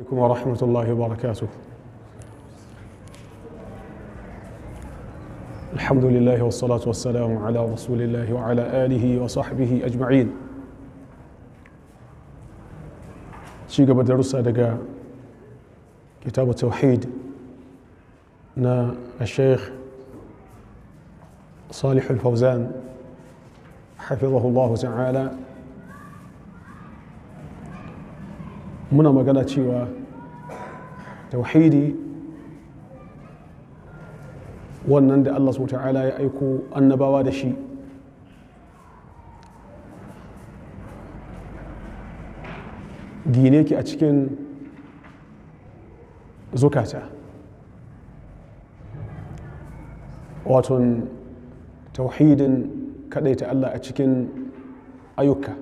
عليكم ورحمة الله وبركاته الحمد لله والصلاة والسلام على رسول الله وعلى آله وصحبه أجمعين شيقة بدرسة دقاء كتاب التوحيد نا الشيخ صالح الفوزان حفظه الله تعالى muna magana cewa tauhidi wannan da allah ta'ala ya aiko annabawa da shi gine ki a cikin zukata waton tauhidin ta allah a cikin ayyuka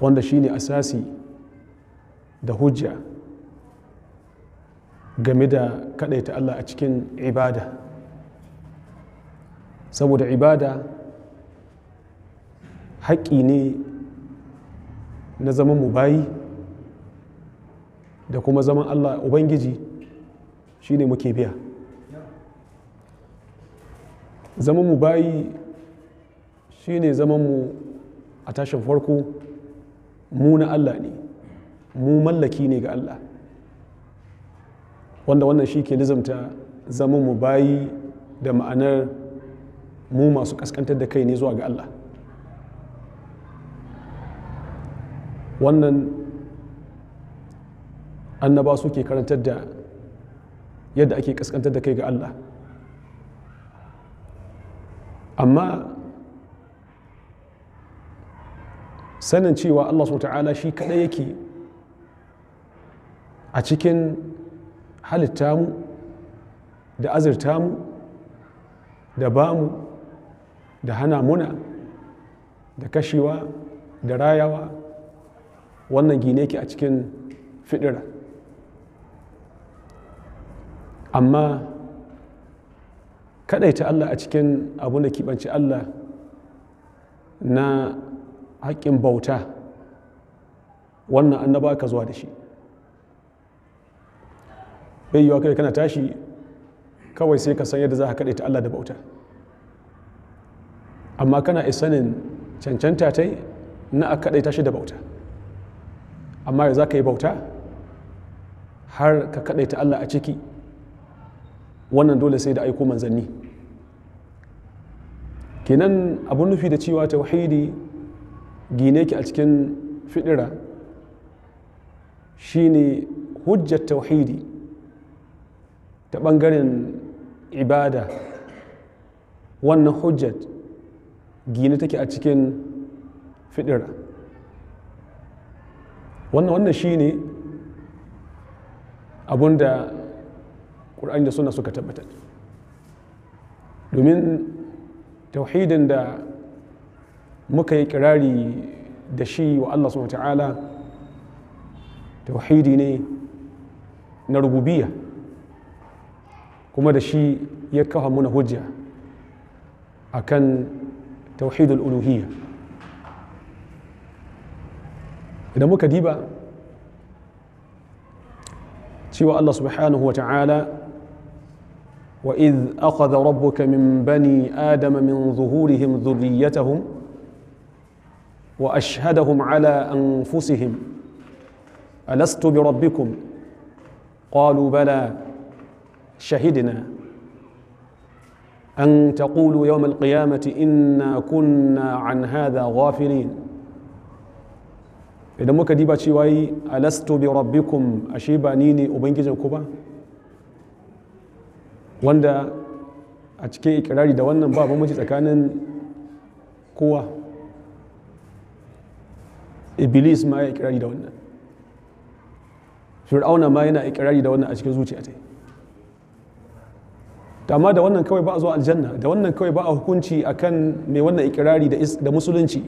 wanda shine asasi da hujja game da ta Allah a cikin ibada saboda ibada haƙƙi ne na zaman mu bayi da kuma zaman Allah Ubangiji shine muke biya zaman mu bayi shine zaman mu a tashin farko mu na Allah ne mu mallaki ne ga Allah wanda wannan shi ke nizamta zama mu bayi da ma'anar mu masu kaskantar da kai ne zuwa ga Allah wannan annaba su ke karantar da yadda ake kaskantar da kai ga Allah amma sanin cewa Allah subhanahu ta'ala shi kaɗai yake a cikin halitta mu da azirta mu da bamu da hana muna da kashewa da rayawa wannan gine ke a cikin fidira amma ta Allah a cikin abin da kiɓanci Allah na haƙƙin bauta wannan annaba ka zuwa da shi bai yiwa kai kana tashi kawai sai ka san yadda za ka ta Allah da bauta amma kana isanin cancanta ta na a kaɗai shi da bauta amma ya za ka yi bauta har ka ta Allah a ciki wannan dole sai da aiko manzanni kenan abun nufi da cewa ta tauhidi gine ki a cikin fidira shine hujjar tauhidi ta ɓangaren ibada wannan hujjar gine take a cikin fiɗira. wannan wannan shine abinda ƙur'ani da suna suka tabbatar domin tauhidin da muka yi kirari da shi wa Allah subhanahu ta'ala tauhidi ne na rububiya kuma da shi ya kafa muna hujja akan tauhidul uluhiyya idan muka diba cewa Allah subhanahu wa ta'ala وإذ أخذ ربك من بني آدم من ظهورهم ذريتهم واشهدهم على انفسهم الست بربكم قالوا بلى شهدنا ان تقولوا يوم القيامه انا كنا عن هذا غافلين idan muka diba cewa yi alastu bi rabbikum ashe ba ni ne ubangijin ku ba wanda a cikin ikirari da wannan ba bambanci tsakanin kowa iblis ma ya ikirari da wannan fir'auna ma yana ikirari da wannan a cikin zuciya ta amma da wannan kawai ba a zuwa aljanna da wannan kawai ba a hukunci akan mai wannan ikirari da musulunci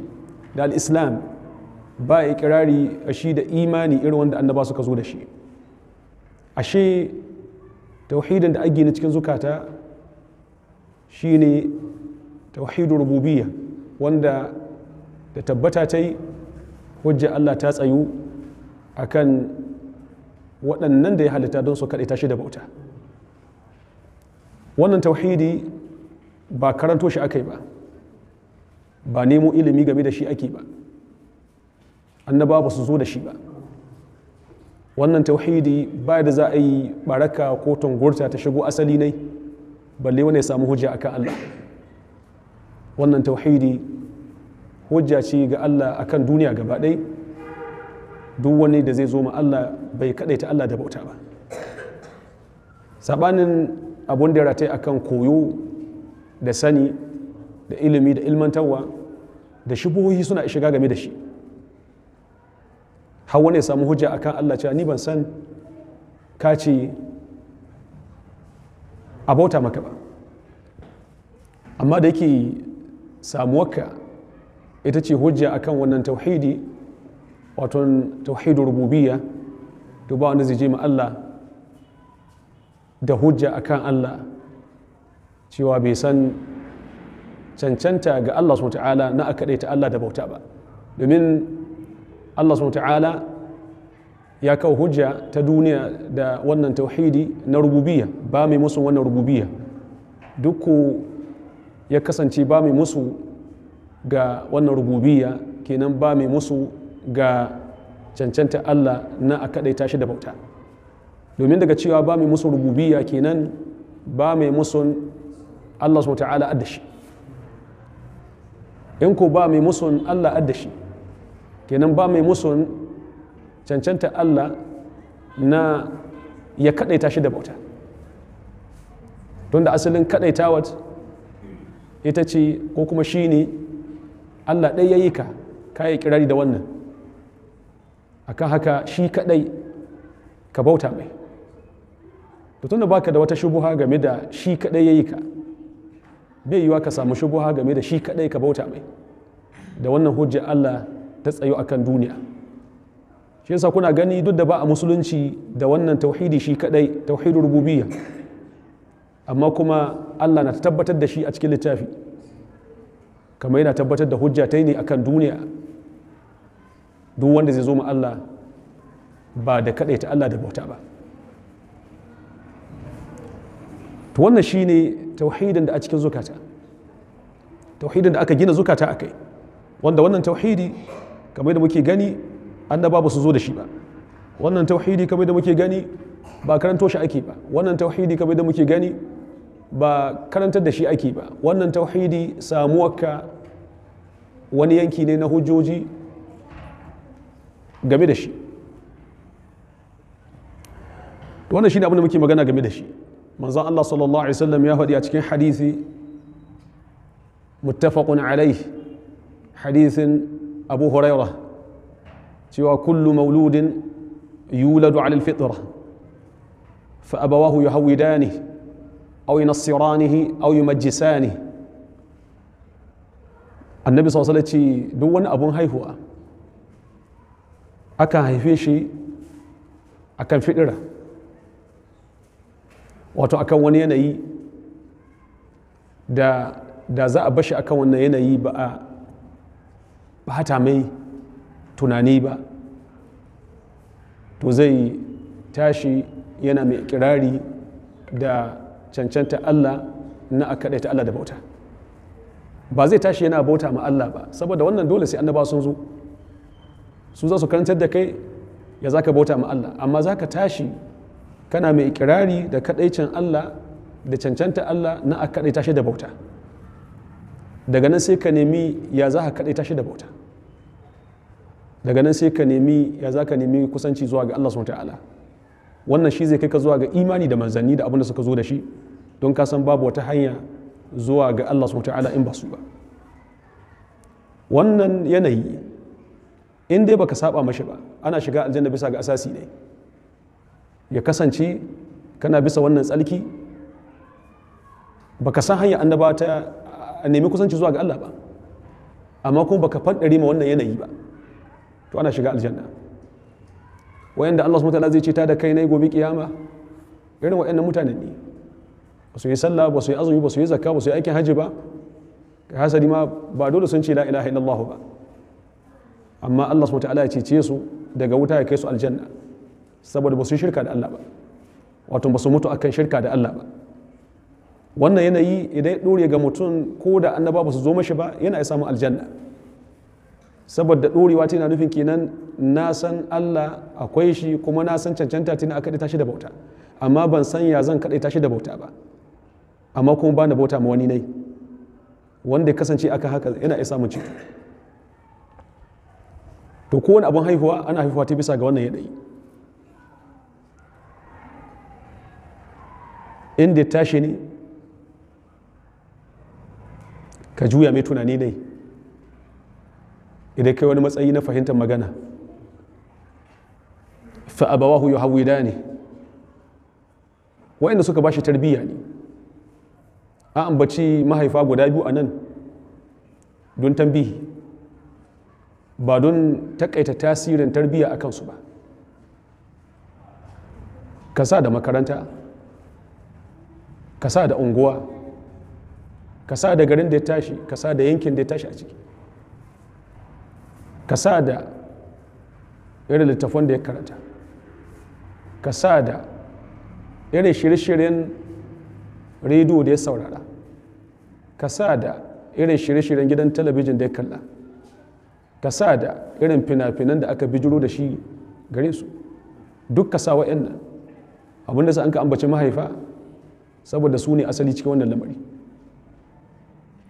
da al'islam ba a ikirari a shi da imani irin wanda annaba suka zo da shi ashe tauhidin da ake na cikin zukata shine tauhidul rububiya wanda da tabbata ta yi hujja Allah ta tsayu akan waɗannan da ya halitta don su kaɗe tashi da bauta wannan tauhidi ba karanto shi aka ba ba nemo ilimi game da shi ake ba annaba ba su zo da shi ba wannan tauhidi ba da za a yi baraka ko tungurta ta shigo asali ne balle wani ya samu hujja akan Allah wannan tauhidi hujja ce ga Allah akan duniya gaba ɗai duk wani da zai zo ma Allah bai ta Allah da bauta ba saɓanin abun da ratai akan koyo da sani da ilimi da ilmantarwa da shi shubuhohi suna shiga game da shi har wani samu hujja akan Allah cewa ni ban san ka ce a bauta maka ba amma da yake samuwarka ita ce hujja akan wannan tauhidi wato tauhidu rububiyya to ba wanda zai je ma Allah da hujja akan Allah cewa bai san cancanta ga Allah subhanahu na aka ta Allah da bauta ba domin Allah subhanahu ya kawo hujja ta duniya da wannan tauhidi na rububiyya ba mai musu wannan rububiyya duk ya kasance ba mai musu ga wannan rububiya kenan ba mai musu ga cancanta Allah na a kaɗaita shi da bauta domin daga cewa ba mai musu rububiya kenan ba mai musun Allah SWT ta'ala addashi in ko ba mai musun Allah addashi kenan ba mai musun cancanta Allah na ya kaɗaita shi da bauta don da asalin tawat ita ce ko kuma shi ne Allah ɗaya ya yi ka ka yi kirari da wannan a kan haka shi kaɗai ka bauta mai to tunda baka da wata shubuha game da shi kaɗai ya yi ka bai ka samu shubuha game da shi kaɗai ka bauta mai da wannan hujja Allah ta tsayo akan duniya shi yasa kuna gani duk da ba a musulunci da wannan tauhidi shi kaɗai tauhidin rububiyya amma kuma Allah na tabbatar da shi a cikin littafi kamar yana tabbatar da hujja ta ne akan duniya duk wanda zai zo ma Allah ba da kaɗai ta Allah da bauta ba to wannan shine tauhidin da a cikin zukata tauhidin da aka gina zukata a kai wanda wannan tauhidi kamar da muke gani annaba ba su zo da shi ba wannan tauhidi kamar da muke gani ba karanto shi ake ba wannan tauhidi kamar da muke gani ba karantar da shi ake ba wannan tauhidi samuwarka wani yanki ne na hujjoji game da shi to wannan shine abin da muke magana game da shi manzan Allah sallallahu Alaihi wasallam ya faɗi a cikin hadisi muttafaqun alaih hadisin abu Hurairah cewa kullu mauludin yuladu ala alfitra fa abawahu yuhawidani aw yunassiranihi aw yumajjisanihi annabi sallallahu ce duk wani abun haihuwa akan haife shi akan fidira wato akan wani yanayi da da za a bashi akan wannan yanayi ba a bata mai tunani ba to zai tashi yana mai kirari da cancanta Allah na a kaɗaita Allah da bauta ba zai tashi yana bauta ma Allah ba saboda wannan dole sai annaba sun zo su za su karantar da kai ya za ka bauta ma Allah amma za ka tashi kana mai ikirari da kadaicin Allah da cancanta Allah na a kadaita shi da bauta daga nan sai ka nemi ya za ka kadaita shi da bauta daga nan sai ka nemi ya za ka nemi kusanci zuwa ga Allah subhanahu ta'ala wannan shi zai kai ka zuwa ga imani da manzanni da abin da suka zo da shi don ka san babu wata hanya zuwa ga Allah SWT ta'ala in ba su ba wannan yanayi in dai baka saba mashi ba ana shiga aljanna bisa ga asasi ne ya kasance kana bisa wannan tsalki baka san hanya annaba ta a nemi kusanci zuwa ga Allah ba amma kuma baka fadda ma wannan yanayi ba to ana shiga aljanna wayanda Allah SWT ta'ala zai ce ta da kai ne gobe kiyama irin wayannan mutanen ne ba su yi sallah ba su yi azumi ba su yi zakka ba su yi aikin hajji ba hasali ma ba dole sun ce la ilaha illallah ba amma Allah subhanahu ta'ala ya cece su daga wuta ya kai su aljanna saboda ba su shirka da Allah ba wato ba su mutu akan shirka da Allah ba wannan yanayi idan ya dore ga mutum ko da annaba ba su zo mashi ba yana ya samu aljanna saboda dorewa tana nufin kenan na san Allah akwai shi kuma na san cancanta tana aka tashi da bauta amma ban san ya zan kaɗai tashi da bauta ba amma kuma ba na bauta ma wani nai wanda ya kasance aka haka yana isa samun ciki to kowane abin haihuwa ana haihuwa ta bisa ga wannan yanayi inda ya tashi ne ka juya mai tunani ne idan kai wani matsayi na fahimtar magana fa'abawahu ya hawi da ne wa'inda suka ba shi tarbiyya ne an ambaci mahaifa guda biyu a nan don tambihi ba don takaita tasirin tarbiyya a kansu ba ka sa da makaranta ka sa da unguwa ka sa da garin da ya tashi ka sa da yankin da ya tashi a ciki ka sa da irin littafin da ya karanta ka sa da irin shirye-shiryen rediyo da ya saurara ka sa da irin shirye-shiryen gidan talabijin da ya kalla ka sa da irin fina-finan da aka bijiro da shi gare su duk ka sa wa'yan nan abinda da an ka ambaci mahaifa saboda su ne asali cikin wannan lamari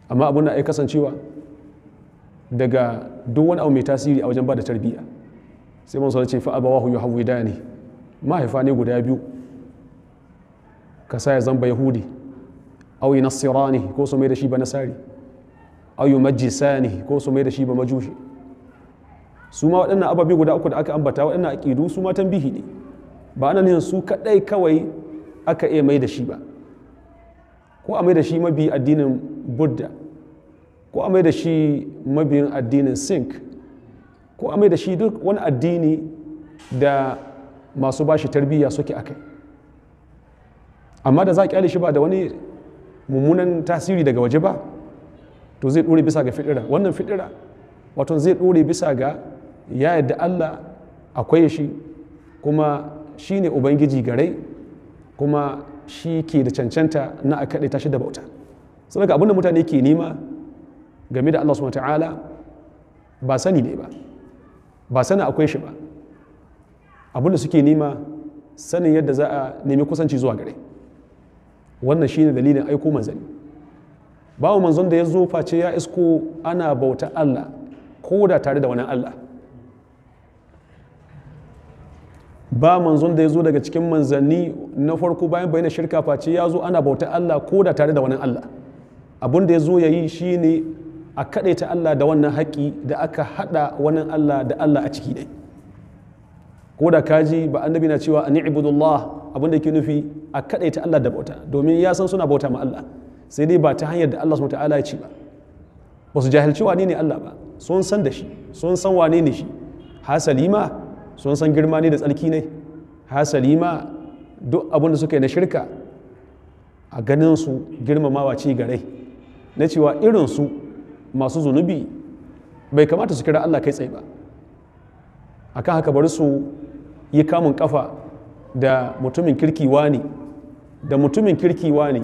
amma abin da ya kasancewa daga duk wani abu mai tasiri a wajen ba da tarbiyya sai man sauce ce fa abawa hu yuhawida da ne mahaifa ne guda biyu ka sa ya zamba yahudi au yunassirani ko su mai da shi ba nasari au yumajjisani ko su mai da shi ba majushi su ma waɗannan ababe guda uku da aka ambata waɗannan aƙidu su ma tambihi ne ba ana nihin su kaɗai kawai aka iya mai da shi ba ko a mai da shi mabi addinin buddha ko a mai da shi mabiyin addinin sink ko a mai da shi duk wani addini da masu bashi tarbiyya suke akai amma da za a kyale shi ba da wani mummunan tasiri daga waje ba to zai dore bisa ga fitira wannan fitira wato zai dore bisa ga ya yadda allah akwai shi kuma shi ne ubangiji garai kuma shi ke da cancanta na a kaɗe tashi da bauta sun ka da mutane ke nema game da allah SWT ba sani ne ba ba sani akwai shi ba abinda suke nema sanin yadda za a nemi kusanci zuwa gare wannan shi ne dalilin aiko manzanni babu manzon da ya zo face ya isko ana bauta Allah ko da tare da wani Allah ba manzon da ya zo daga cikin manzanni na farko bayan bayan shirka face ya zo ana bauta Allah ko da tare da wani Allah abin da ya zo ya yi shi ne a kaɗaita Allah da wannan haƙi da aka haɗa wani Allah da Allah a ciki ɗai ko da kaji ba annabi na cewa an ibudullah abin da ke nufi a kadaita Allah da bauta domin ya san suna bauta ma Allah sai dai ba ta hanyar da Allah subhanahu ta'ala ya ce ba ba su jahilci wane ne Allah ba sun san da shi sun san wane ne shi hasali ma sun san girma ne da tsarki ne hasali ma duk abin da suka yi na shirka a ganin su girmamawa ce gare na cewa irin su masu zunubi bai kamata su kira Allah kai tsaye ba akan haka bari su yi kamun kafa da mutumin kirki wani da mutumin kirki wani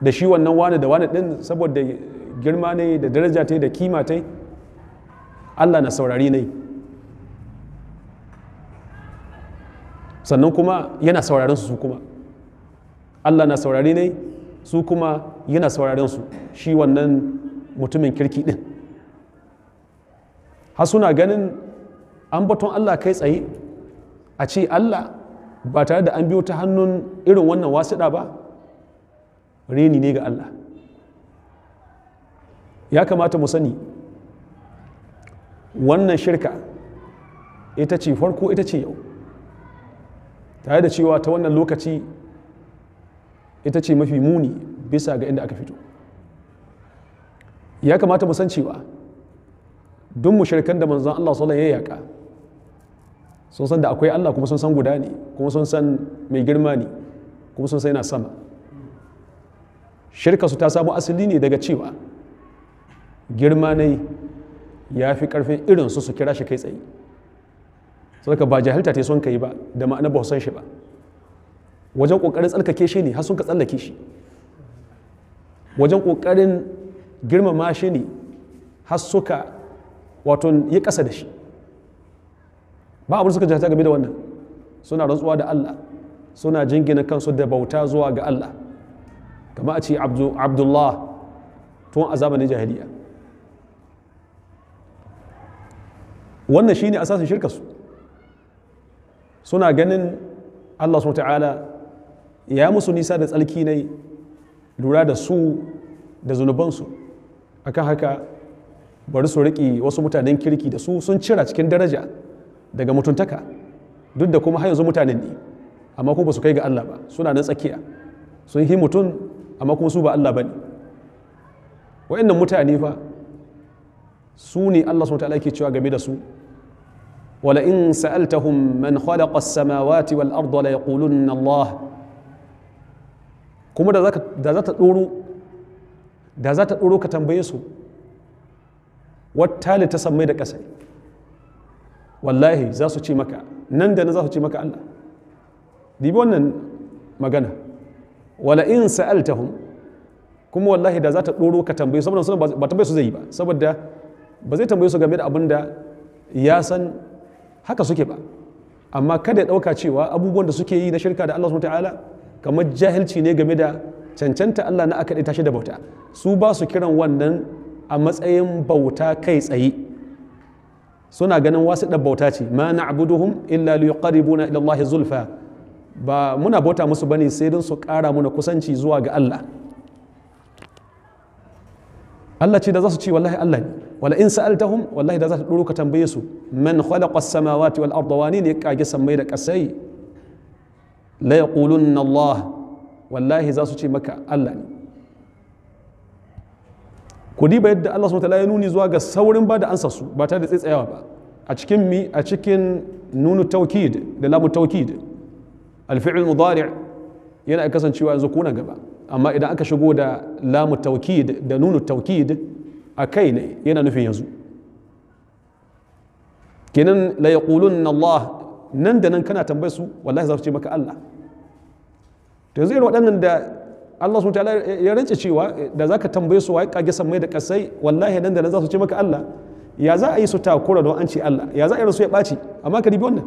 da shi wannan wani da wani din saboda girma ne da daraja ta da kima ta Allah na saurari ne sannan kuma yana saurarin su kuma Allah na saurari ne su kuma yana saurarin su shi wannan mutumin kirki din har suna ganin an baton Allah kai tsaye a ce Allah ba tare da an biyo ta hannun irin wannan wasiɗa ba reni ne ga Allah ya kamata mu sani wannan shirka ita ce farko ita ce yau tare da cewa ta wannan lokaci ita ce mafi muni bisa ga inda aka fito ya kamata mu san cewa mu shirkan da manzan Allah sallallahu alaihi wasallam ya yaka sun san da akwai Allah kuma sun san guda ne kuma sun san mai girma ne kuma sun san yana sama shirka su ta samu asali ne daga cewa girma ne ya fi karfin irin su su kira shi kai tsaye ka ba jahilta ta son kai ba da ma'ana ba san shi ba wajen kokarin tsarkake shi ne har ka tsallake shi wajen kokarin girmama shi ne har suka wato yi kasa da shi ba abin suka jata game da wannan suna rantsuwa da Allah suna jingina kansu da bauta zuwa ga Allah kama a ce abdullah tun a zamanin jahiliya wannan shine asasin shirkarsu suna ganin Allah su ta'ala ya musu nisa da tsalki na lura da su da zunubansu akan haka bari su riƙe wasu mutanen kirki da su sun cira cikin daraja daga mutuntaka duk da kuma har yanzu mutanen ne amma kuma su kai ga Allah ba suna nan tsakiya sun yi mutum amma kuma su ba Allah ba ne wa'annan mutane fa su ne Allah subhanahu ta'ala ke cewa game da su wala in sa'altahum man khalaqa as-samawati wal arda la yaqulunna Allah kuma da zaka da za ta doro da za ta doro ka tambaye su wata ta samai da ƙasai wallahi za su ce maka nan da na za su ce maka Allah dibi wannan magana wala in sa'altahum kuma wallahi da za ta ɗoro ka tambaye saboda sun ba tambaye su zai yi ba saboda ba zai tambaye su game da abin da ya san haka suke ba amma kada ya ɗauka cewa abubuwan da suke yi na shirka da Allah subhanahu ta'ala kamar jahilci ne game da cancanta Allah na aka tashi da bauta su ba su kiran wannan a matsayin bauta kai tsaye suna ganin wasu bauta ce ma na'buduhum illa liqarribuna ila Allah zulfa ba muna bauta musu bane sai dun su ƙara muna kusanci zuwa ga Allah Allah ce da za su ci wallahi Allah ne wala in sa'altahum wallahi da za ta duro ka tambaye su man khalaqa as-samawati wal arda wani ne kage samai da kasai la yaqulunna Allah wallahi za su ce maka Allah ne ku diba yadda Allah subhanahu ya nuni zuwa ga saurin ba da ansa su ba tare da tsaitsayawa ba a cikin mi a cikin nunu tawkid da lamu tawkid al mudari' yana kasancewa yanzu kuna gaba amma idan aka shigo da lamu tawkid da nunu tawkid a kai ne yana nufin yanzu kenan la yaqulunna Allah nan da nan kana tambayar su wallahi za su ce maka Allah to yanzu irin waɗannan da Allah subhanahu wa ta'ala ya rance cewa da zaka tambaye su wai kage mai da kasai wallahi nan da nan za su ce maka Allah ya za a yi su takura don an ce Allah ya za a yi su ya baci amma ka ribi wannan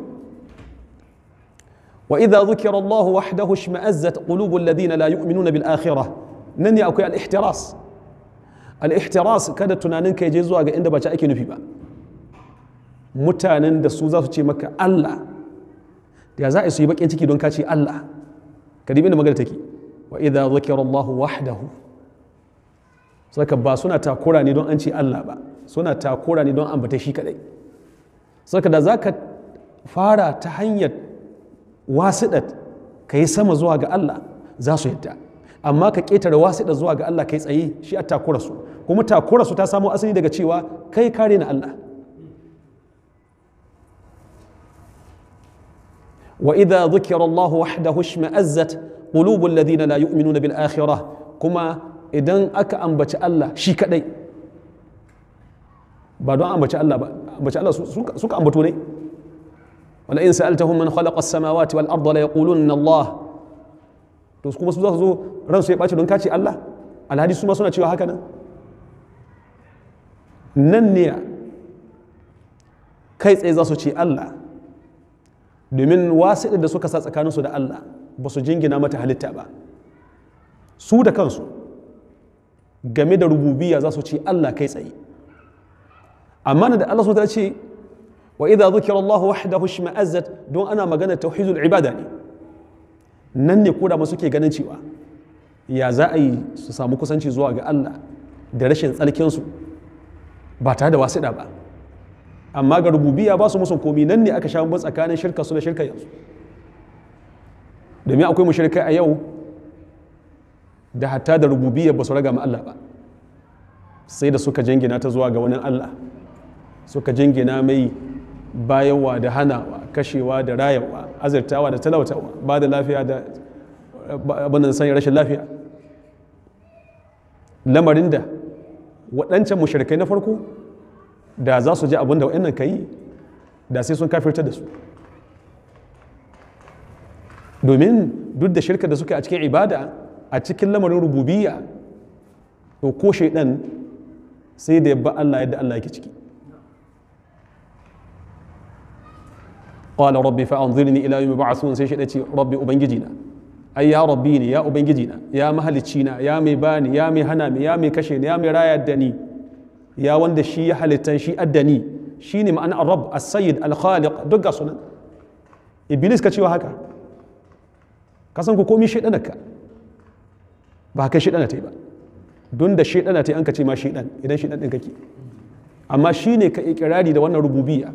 wa idha dhukira Allah wahdahu shma'azzat qulubu alladhina la yu'minuna bil akhirah nan ne akwai al-ihtiras al-ihtiras kada tunanin kai je zuwa ga inda ba ci ake nufi ba mutanen da su za su ce maka Allah ya za a yi su yi bakin ciki don ka ce Allah ka dibi inda magana take wa idan zakirallahu wahdahu saka ba suna takura ne don an ce Allah ba suna takura ne don bata shi kadai saka da zaka fara ta hanyar wasidat ka yi sama zuwa ga Allah za su yadda amma ka ƙetare wasiɗa zuwa ga Allah kai tsaye shi a takura su kuma takura su ta samo asali daga cewa kai kare na Allah wa idza dhukira Allah wahdahu shma'azzat qulubul ladina la yu'minuna bil akhirah kuma idan aka ambaci Allah shi kadai ba don ambaci Allah ba ambaci Allah suka ambato ne wala in sa'altahum man khalaqa as-samawati wal arda la yaquluna Allah to kuma su za su zo ran su ya bace don kace Allah alhadi su ma suna cewa haka nan nan ne kai tsaye za su ce Allah domin wasu da suka sa tsakaninsu da Allah ba su jingina mata halitta ba su da kansu game da rububiya za su ce Allah kai tsaye amma da Allah su ta ce wa idza dhukira Allah wahdahu shma'azzat don ana magana tauhidul ibada ne nan ne koda masu ke ganin cewa ya za a yi su samu kusanci zuwa ga Allah da rashin su ba tare da wasiɗa ba amma ga rububiya ba su musun komi nan ne aka sha tsakanin shirka su da shirka yanzu domin akwai mashirka a yau da hatta da rububiyar ba su raga ma Allah ba sai da suka jingina ta zuwa ga wani Allah suka jingina mai bayanwa da hanawa kashewa da rayawa azirtawa da talautawa ba da lafiya da abinan sanya rashin lafiya lamarin da waɗancan mashirkai na farko da za su ji abin da waɗannan ka yi da sai sun kafirta da su domin duk da shirka da suke a cikin ibada a cikin lamarin rububiya, to ko shaidan sai da yabba Allah yadda Allah yake ciki qala rabbi fa'anzirni ila yawmi ba'athun sai shaidan ce rabbi ubangiji na ai ya rabbi ni ya ubangiji na ya mahalicci na ya mai bani ya mai hana mi ya mai kashe ni ya mai raya da ni ya wanda shi ya halittan shi addani shine ma'ana rabb as-sayyid al-khaliq duk ga sunan iblis ka cewa haka ka san ko komi shaidanar ka ba ka shaidana ta yi ba don da shaidana ta yi an ka ce ma shaidan idan shaidan ɗin kake amma shi ne ka ikirari da wannan rububiya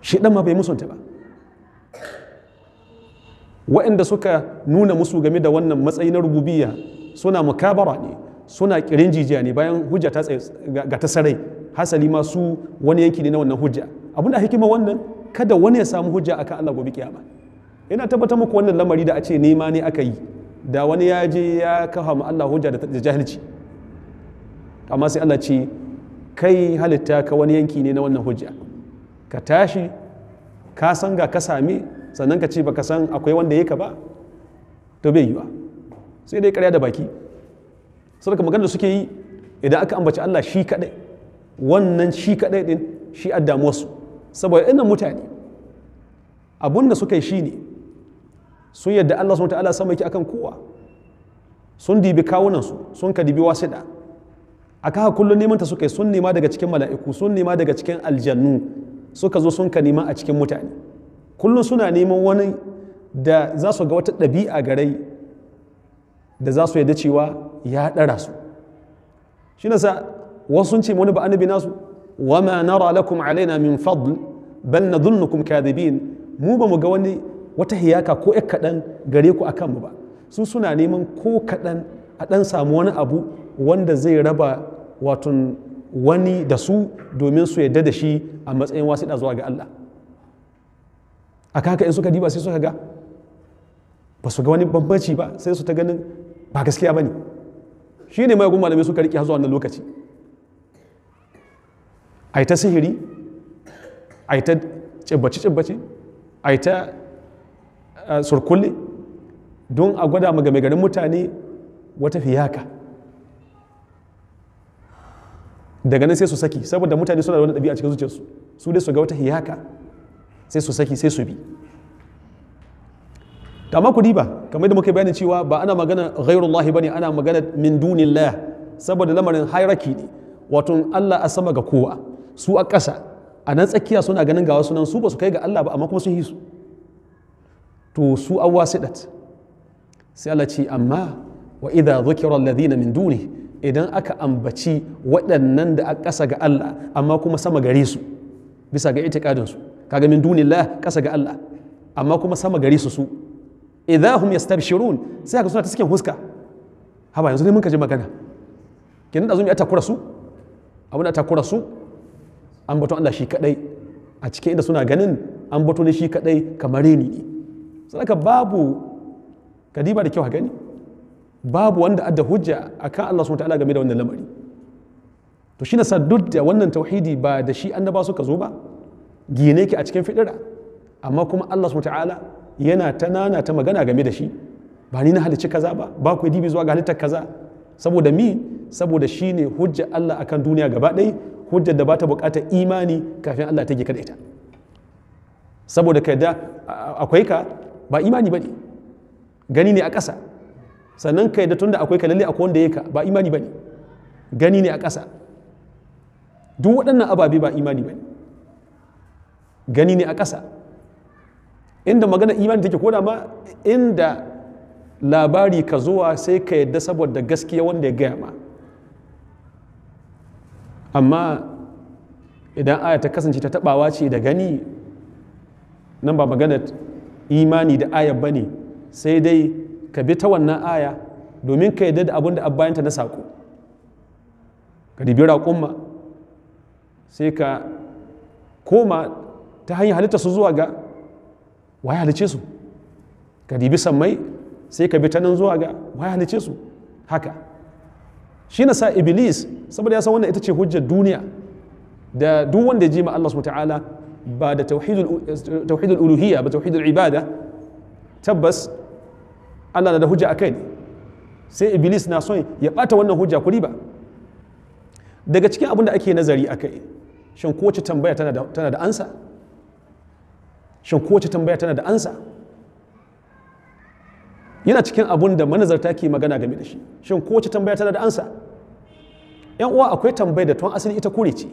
shaidan ma bai musunta ba waɗanda suka nuna musu game da wannan matsayi na rububiya suna mukabara ne suna kirin jijiya ne bayan hujja ta ga ta sarai hasali ma su wani yanki ne na wannan hujja abinda hikima wannan kada wani ya samu hujja akan Allah gobe kiyama ina tabbatar muku wannan lamari da a ce nema ne aka yi da wani ya je ya kafa mu Allah hujja da jahilci amma sai Allah ce kai halitta ka wani yanki ne na wannan hujja ka tashi ka san ga ka same sannan ka ce baka san akwai wanda yake ba to bai yiwa sai dai karya da baki sadaka magana suke yi idan aka ambaci Allah shi kadai wannan shi kadai din shi addamuwarsu saboda inna mutane abun da suka yi shi ne sun yadda Allah subhanahu ta'ala sama yake akan kowa sun dibi kawunansu sun ka dibi da. aka haka kullum neman ta suka yi sun nema daga cikin mala'iku sun nema daga cikin aljannu suka zo sun ka nema a cikin mutane kullum suna neman wani da za su ga wata ɗabi'a garai da za su yadda cewa ya ɗara su shi nasa wasu sun ce wani ba annabi nasu wama nara lakum alaina min fadl bal nadhunnukum kadhibin mu ba mu ga wani wata hiyaka ko ya kaɗan gare ku akan mu ba su suna neman ko kaɗan a ɗan samu wani abu wanda zai raba watan wani da su domin su yarda da shi a matsayin wasiɗa zuwa ga Allah a haka in suka diba sai suka ga ba su ga wani bambanci ba sai su ta ganin ba gaskiya ba ne shi ne mai malamai suka riƙe har zuwa wannan lokaci a ta sihiri a ta cibbaci-cibbaci a ta eh, surkulli don a gwada maga garin mutane wata fiyaka daga nan sai su saki saboda mutane suna da wani ɗabi'a cikin zuciyarsu su dai su ga wata hiyaka sai su saki sai su bi ta maku ku diba kamar da muka bayanin cewa ba ana magana ghairullahi bane ana magana min dunillah saboda lamarin hayraki ne wato Allah a sama ga kowa su a ƙasa a nan tsakiya suna ganin gawa sunan su ba su kai ga Allah ba amma kuma sun yi su to su awwa sidat sai Allah ce amma wa idza dhukira alladhina min duni idan aka ambaci waɗannan da a ƙasa ga Allah amma kuma sama gare su bisa ga itikadin su kaga min dunillah ƙasa ga Allah amma kuma sama gare su su idza hum yastabshirun sai haka suna ta cikin huska haba yanzu ne mun ka ji magana kin da zumi a takura su abin da takura su an bato Allah shi kadai a cikin inda suna ganin an bato ne shi kadai kamar ni ne sadaka babu kadiba da kyau a gani babu wanda adda hujja akan Allah subhanahu wataala game da wannan lamari to shi sa wannan tauhidi ba da shi annaba suka zo ba gine ki a cikin fidira amma kuma Allah subhanahu wataala yana ta nana ta magana game da shi ba ni na halicci kaza ba ba ku dibi zuwa ga halittar kaza saboda mi saboda shi ne hujja Allah a kan duniya gaba ɗai hujjar da ba ta buƙatar imani kafin Allah ta da ita saboda ka da akwai ka ba imani ba ne. gani ne a ƙasa sannan ka da tunda akwai ka lalle akwai wanda ya ka ba imani ba ne. gani ne a ƙasa duk waɗannan ababe ba imani ba ne. gani ne a ƙasa inda magana imani take koda ma inda labari ka zuwa sai ka yadda saboda gaskiya wanda ya gaya ma amma idan aya ta kasance ta tabawa ce da gani nan ba magana imani da aya ba ne sai dai ka bi ta wannan aya domin ka yadda da abin da abayanta na saƙo ka dibi raƙumma sai ka koma ta hanyar halitta su zuwa ga waye halice su ka dibi sammai sai ka bi ta nan zuwa ga waye halice su haka shi na sa iblis saboda ya san wannan ita ce hujjar duniya da duk wanda ya ji ma Allah ta'ala ba da tauhidul uluhiyya ba tauhidul ibada tabbas Allah na da hujja akai sai iblis na son ya bata wannan hujja kuri ba daga cikin abin da ake nazari akai shin kowace tambaya tana da ansa shin kowace tambaya tana da ansa yana cikin abun da manazarta ke magana game da shi shin kowace tambaya tana da ansa yan uwa akwai tambayar da tun asali ita kure ce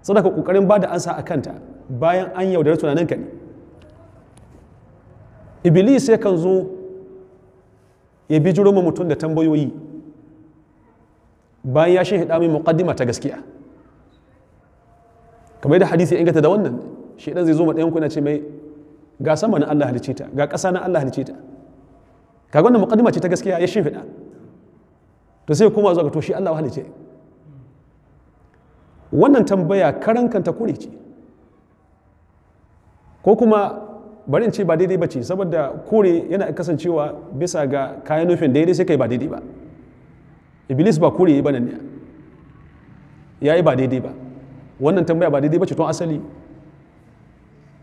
sadaka ka kokarin ba da ansa a kanta bayan an yaudare tunanin ka ne iblis ya kan zo ya bi ma mutum da tambayoyi bayan ya shehida mai muqaddima ta gaskiya kamar da hadisi ya inganta da wannan shedan zai zo ma ɗayan kuna ce mai ga sama na Allah halice ta ga ƙasa na Allah halice ta kaga gwanda muqaddima ce ta gaskiya ya shehida to sai kuma zuwa ga to shi Allah halicce wannan tambaya karan kanta kure ce ko kuma bari in ce ba daidai ba ce saboda kure yana kasancewa bisa ga kayan nufin daidai sai kai ba daidai ba iblis ba kure ba nan ya yi ba daidai ba wannan tambaya ba daidai ba ce tun asali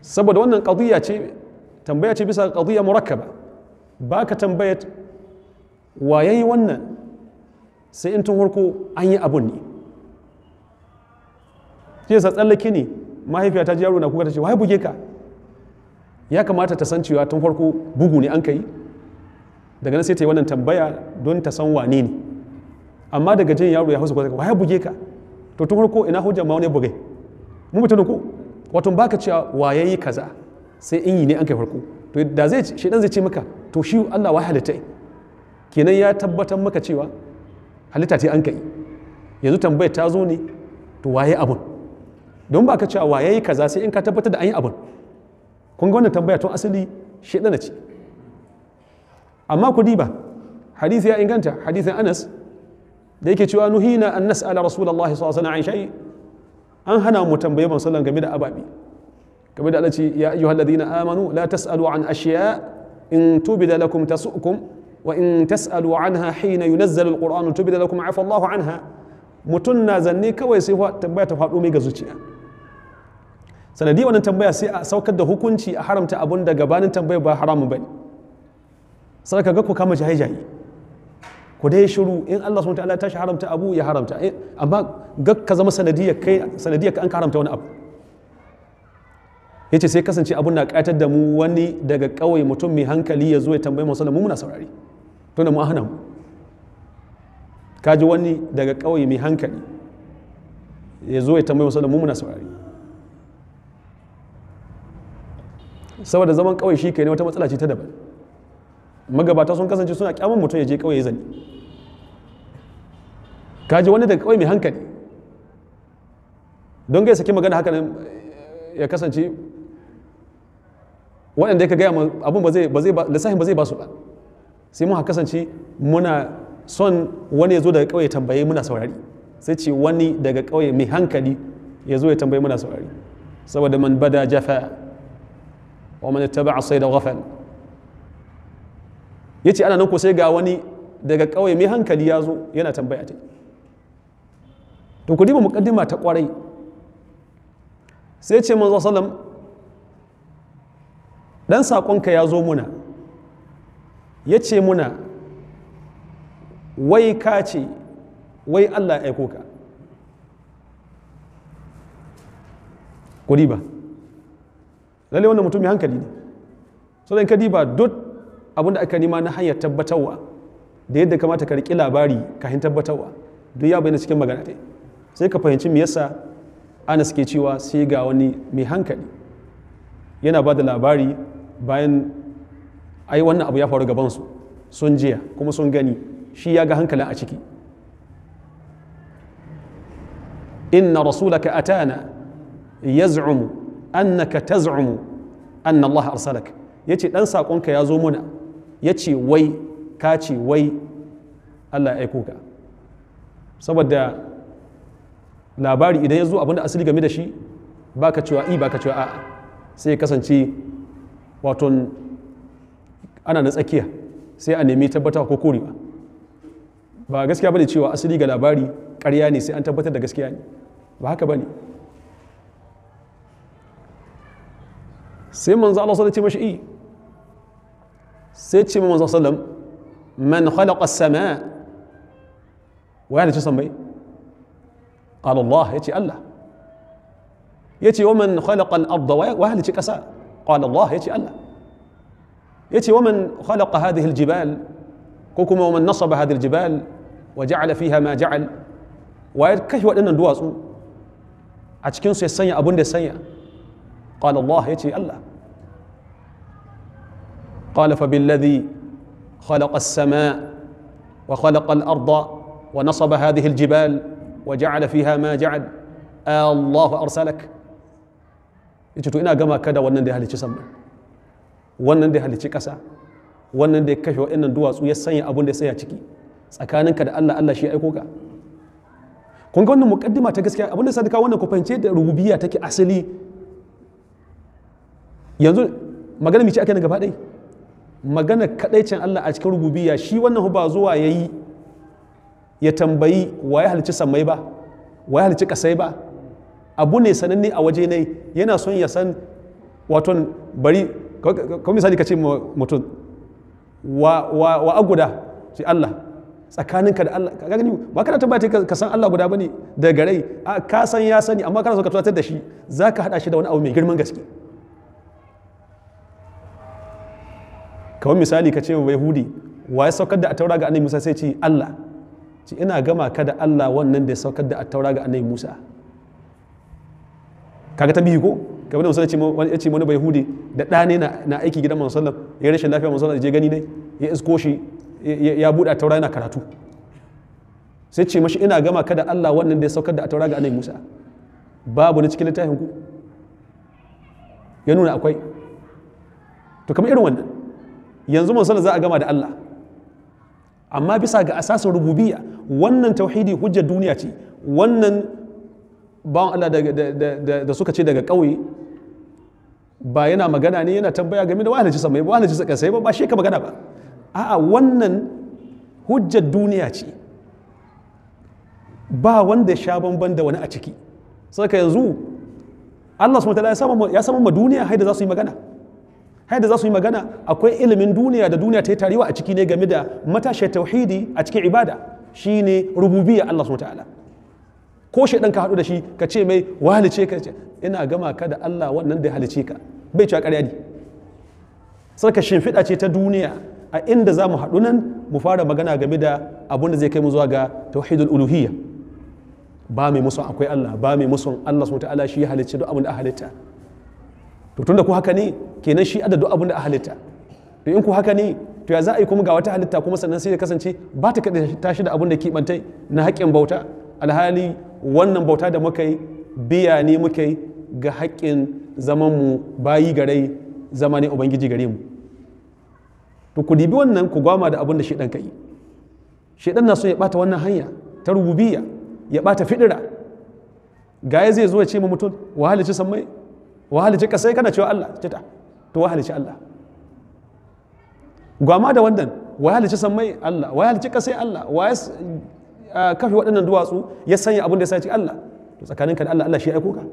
saboda wannan qadiyya ce tambaya ce bisa qadiyya murakkaba ba ka tambaya wa yayi wannan sai in tun harko an yi abun ne shi sa tsallake ne mahaifiya ta ji yaro na kuka ta ce wa buge ka ya kamata ta san cewa tun farko bugu ne an kai daga nan sai ta yi wannan tambaya don ta san wane ne amma daga jin yaro ya hausa kwata wa buge ka to tun farko ina hujja ma wani buge mu mutum ko wato baka cewa wa ya yi kaza sai in yi ne an kai farko to da zai shedan zai ce maka to shi Allah wa halitta kenan ya tabbatar maka cewa halitta ce an kai yanzu tambayar ta zo ne to waye abun don ba ka cewa wa yi kaza sai in ka tabbatar da an yi abin kun ga tambaya tun asali ɗana ce amma ku diba hadisi ya inganta hadisin anas da yake cewa nuhina an nas'ala rasulullahi sallallahu alaihi wasallam an an hana mu tambaye ban sallan game da ababi game da Allah ya ayyuhal ladina amanu la tas'alu an ashiya in tubida lakum tasukum wa in tas'alu anha hina yunazzalu alquranu tubida lakum afa Allahu anha mutun na zanne kawai sai tambaya ta faɗo mai ga zuciya sanadi wannan tambaya sai a saukar da hukunci a haramta abun da gabanin tambaya ba haramun bane sai ka ga ku kama jahi-jahi ku dai shiru in Allah subhanahu wataala ya tashi haramta abu ya haramta eh, amma ga ka zama sanadiyar kai ka an haramta wani abu yace sai kasance abun na katar da mu wani daga kawai mutum mai hankali ya zo ya tambaye mu sallallahu muna saurari to da mu hana mu kaji wani daga kawai mai hankali ya zo ya tambaye mu sallallahu muna saurari saboda zaman kawai shi kai ne wata matsala ce ta daban magabata sun kasance suna kyamun mutum ya je kawai ya zane kaji wani daga kawai mai hankali don gai saki magana haka ya kasance waɗanda ya ka gaya abin ba zai ba lissafin ba zai ba su ba sai muka kasance muna son wani ya zo daga kawai ya tambaye muna saurari sai ce wani daga kawai mai hankali ya zo ya tambaye muna saurari saboda man bada jafa wa man ittaba'a sayda ghafal yace ana nan ko sai ga wani daga kawai mai hankali ya zo yana tambaya ta to ku diba muqaddima ta kwarai sai ce manzo sallam dan sakonka ya zo muna ya ce muna wai ka ce wai Allah ya aiko ka ku diba lalle wannan mutum mai hankali ne so in ka diba duk abin da aka nema na hanyar tabbatarwa da yadda kamata ka riƙi labari kafin tabbatarwa duk ya bayyana cikin magana ta sai ka fahimci me yasa ana suke cewa sai ga wani mai hankali yana ba da labari bayan ai wannan abu ya faru gaban su sun jiya kuma sun gani shi ya ga hankalin a ciki inna rasulaka atana yaz'umu annaka taz'umu anna Allah arsalak yace dan sakonka ya zo muna yace wai ka ce wai Allah ya aiko ka saboda labari idan ya zo abinda asali game da shi baka cewa i baka cewa a, sai kasance waton ana na tsakiya sai a nemi tabbata ko korewa ba gaskiya bane cewa asali ga labari ƙarya ne sai an tabbatar da gaskiya ne ba haka bane سي من زال صلى الله عليه وسلم من خلق السماء وهذا شو صنبي قال الله يتي الله يتي ومن خلق الأرض وهل كسا قال الله يتي الله يتي ومن خلق هذه الجبال كوكما ومن نصب هذه الجبال وجعل فيها ما جعل وكيف أن الدواس أتكين سيسنى أبون دي سيئة قال الله يتي الله قال فبالذي خلق السماء وخلق الأرض ونصب هذه الجبال وجعل فيها ما جعل آه الله أرسلك يجتو إنا كما كذا ونندي هالي تسمى ونندي هالي تكسى ونندي كشو إن الدواس ويسيني أبون دي تكي سكانن كذا ألا ألا شيء أكوكا كون مقدمة تكسكي أبون دي سادكا ونكو ربوبية تكي أسلي yanzu magana ci aka yi gaba ɗai magana kaɗaicin Allah a cikin rububiya shi wannan ba zuwa ya yi ya tambayi wa ya halci sammai ba wa ya halci kasai ba abu ne sananne a waje ne yana son ya san waton bari kawai misali ka ce mutum wa a guda shi Allah tsakaninka da Allah ka gani ba kana tabbata ka san Allah guda bane da garai ka san ya sani amma kana so ka tunatar da shi zaka hada shi da wani abu mai girman gaske kawai misali ka ce wa yahudi wa ya saukar da a taura ga annabi musa sai ce allah ci ina gama ka da allah wannan da ya saukar da a taura ga annabi musa kaga ta biyu ko kamar da musulunci wani yace wani bai da ɗa ne na aiki gidan manzon ya rashin lafiya manzon sallam je gani ne ya isko shi ya buɗe a taura yana karatu sai ce mashi ina gama ka da allah wannan da ya saukar da a taura ga annabi musa babu na cikin littafin ku ya nuna akwai to kamar irin wannan yanzu mun za a gama da Allah amma bisa ga asasin rububiya wannan tauhidi hujjar duniya ce wannan bawan Allah da suka ce daga ƙauye ba yana magana ne yana tambaya game da wahalaci samai ba wahalaci sai ba ba shi ka magana ba a'a wannan hujjar duniya ce ba wanda sha bamban da wani a ciki saka yanzu Allah subhanahu wa ta'ala ya samu ma duniya haida za su yi magana hai da za su yi magana akwai ilimin duniya da duniya ta yi tarewa a ciki ne game da matashe tauhidi a cikin ibada shine rububiya Allah subhanahu ta'ala ko ɗan ka haɗu da shi ka ce mai walice ka ce ina gama ka da Allah wannan da halice ka bai cewa ƙarya ne sarka shimfiɗa ce ta duniya a inda za mu haɗu nan mu fara magana game da abin da zai kai mu zuwa ga tauhidul uluhiyya ba mai musu akwai Allah ba mai musu Allah subhanahu ta'ala shi halice duk abin da halitta to tunda ku haka ne kenan shi adadu abin da a halitta to in ku haka ne to ya za a yi kuma ga wata halitta kuma sannan sai ya kasance ba ta kaɗa tashi da abin da ke bantai na haƙƙin bauta alhali wannan bauta da muka yi biya ne muka yi ga haƙƙin zaman mu bayi gare zama ne ubangiji gare mu to ku dibi wannan ku gwama da abin da ɗan kai. yi na so ya bata wannan hanya ta rububiyya ya bata fiɗira. ga ya zai zo ya ce ma mutum wahalici ci san mai wa halicci kasai kana cewa Allah cita to wa halicci Allah gwama da wannan wa halicci mai Allah wa halicci kasai Allah wa ya kafe waɗannan duwatsu ya sanya abin da ya sace Allah to tsakaninka da Allah Allah shi ya aiko ka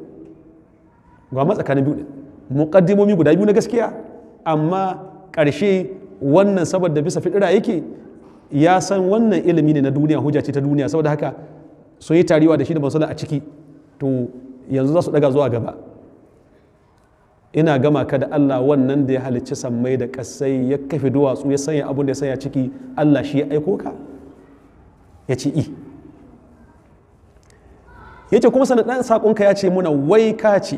gwama tsakanin biyu ne muqaddimomi guda biyu na gaskiya amma ƙarshe wannan saboda bisa fidira yake ya san wannan ilimi ne na duniya hujja ce ta duniya saboda haka sun yi tarewa da shi da manzala a ciki to yanzu za su daga zuwa gaba ina gama ka da Allah wannan da ya halicci sammai da kasai ya kafe duwatsu ya sanya abun da ya sanya ciki Allah shi ya aiko ka ya ce i ya ce kuma sanadan saƙonka ya ce muna wai ka ce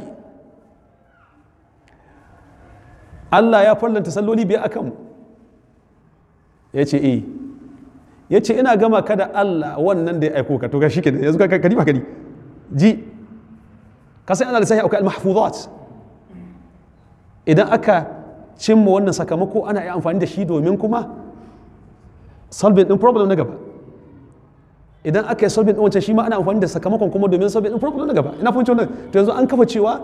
Allah ya fallanta salloli biya a kanmu ya ce i ya ce ina gama ka da Allah wannan da ya aiko ka to ga shi ke da yanzu ka kadi ba kadi ji ka sai ana a akwai al-mahfuzat idan aka cimma wannan sakamako ana yi amfani da shi domin kuma solving din problem na gaba idan aka yi solving din wancan shi ma ana amfani da sakamakon kuma domin solving din problem na gaba ina fahimci wannan to yanzu an kafa cewa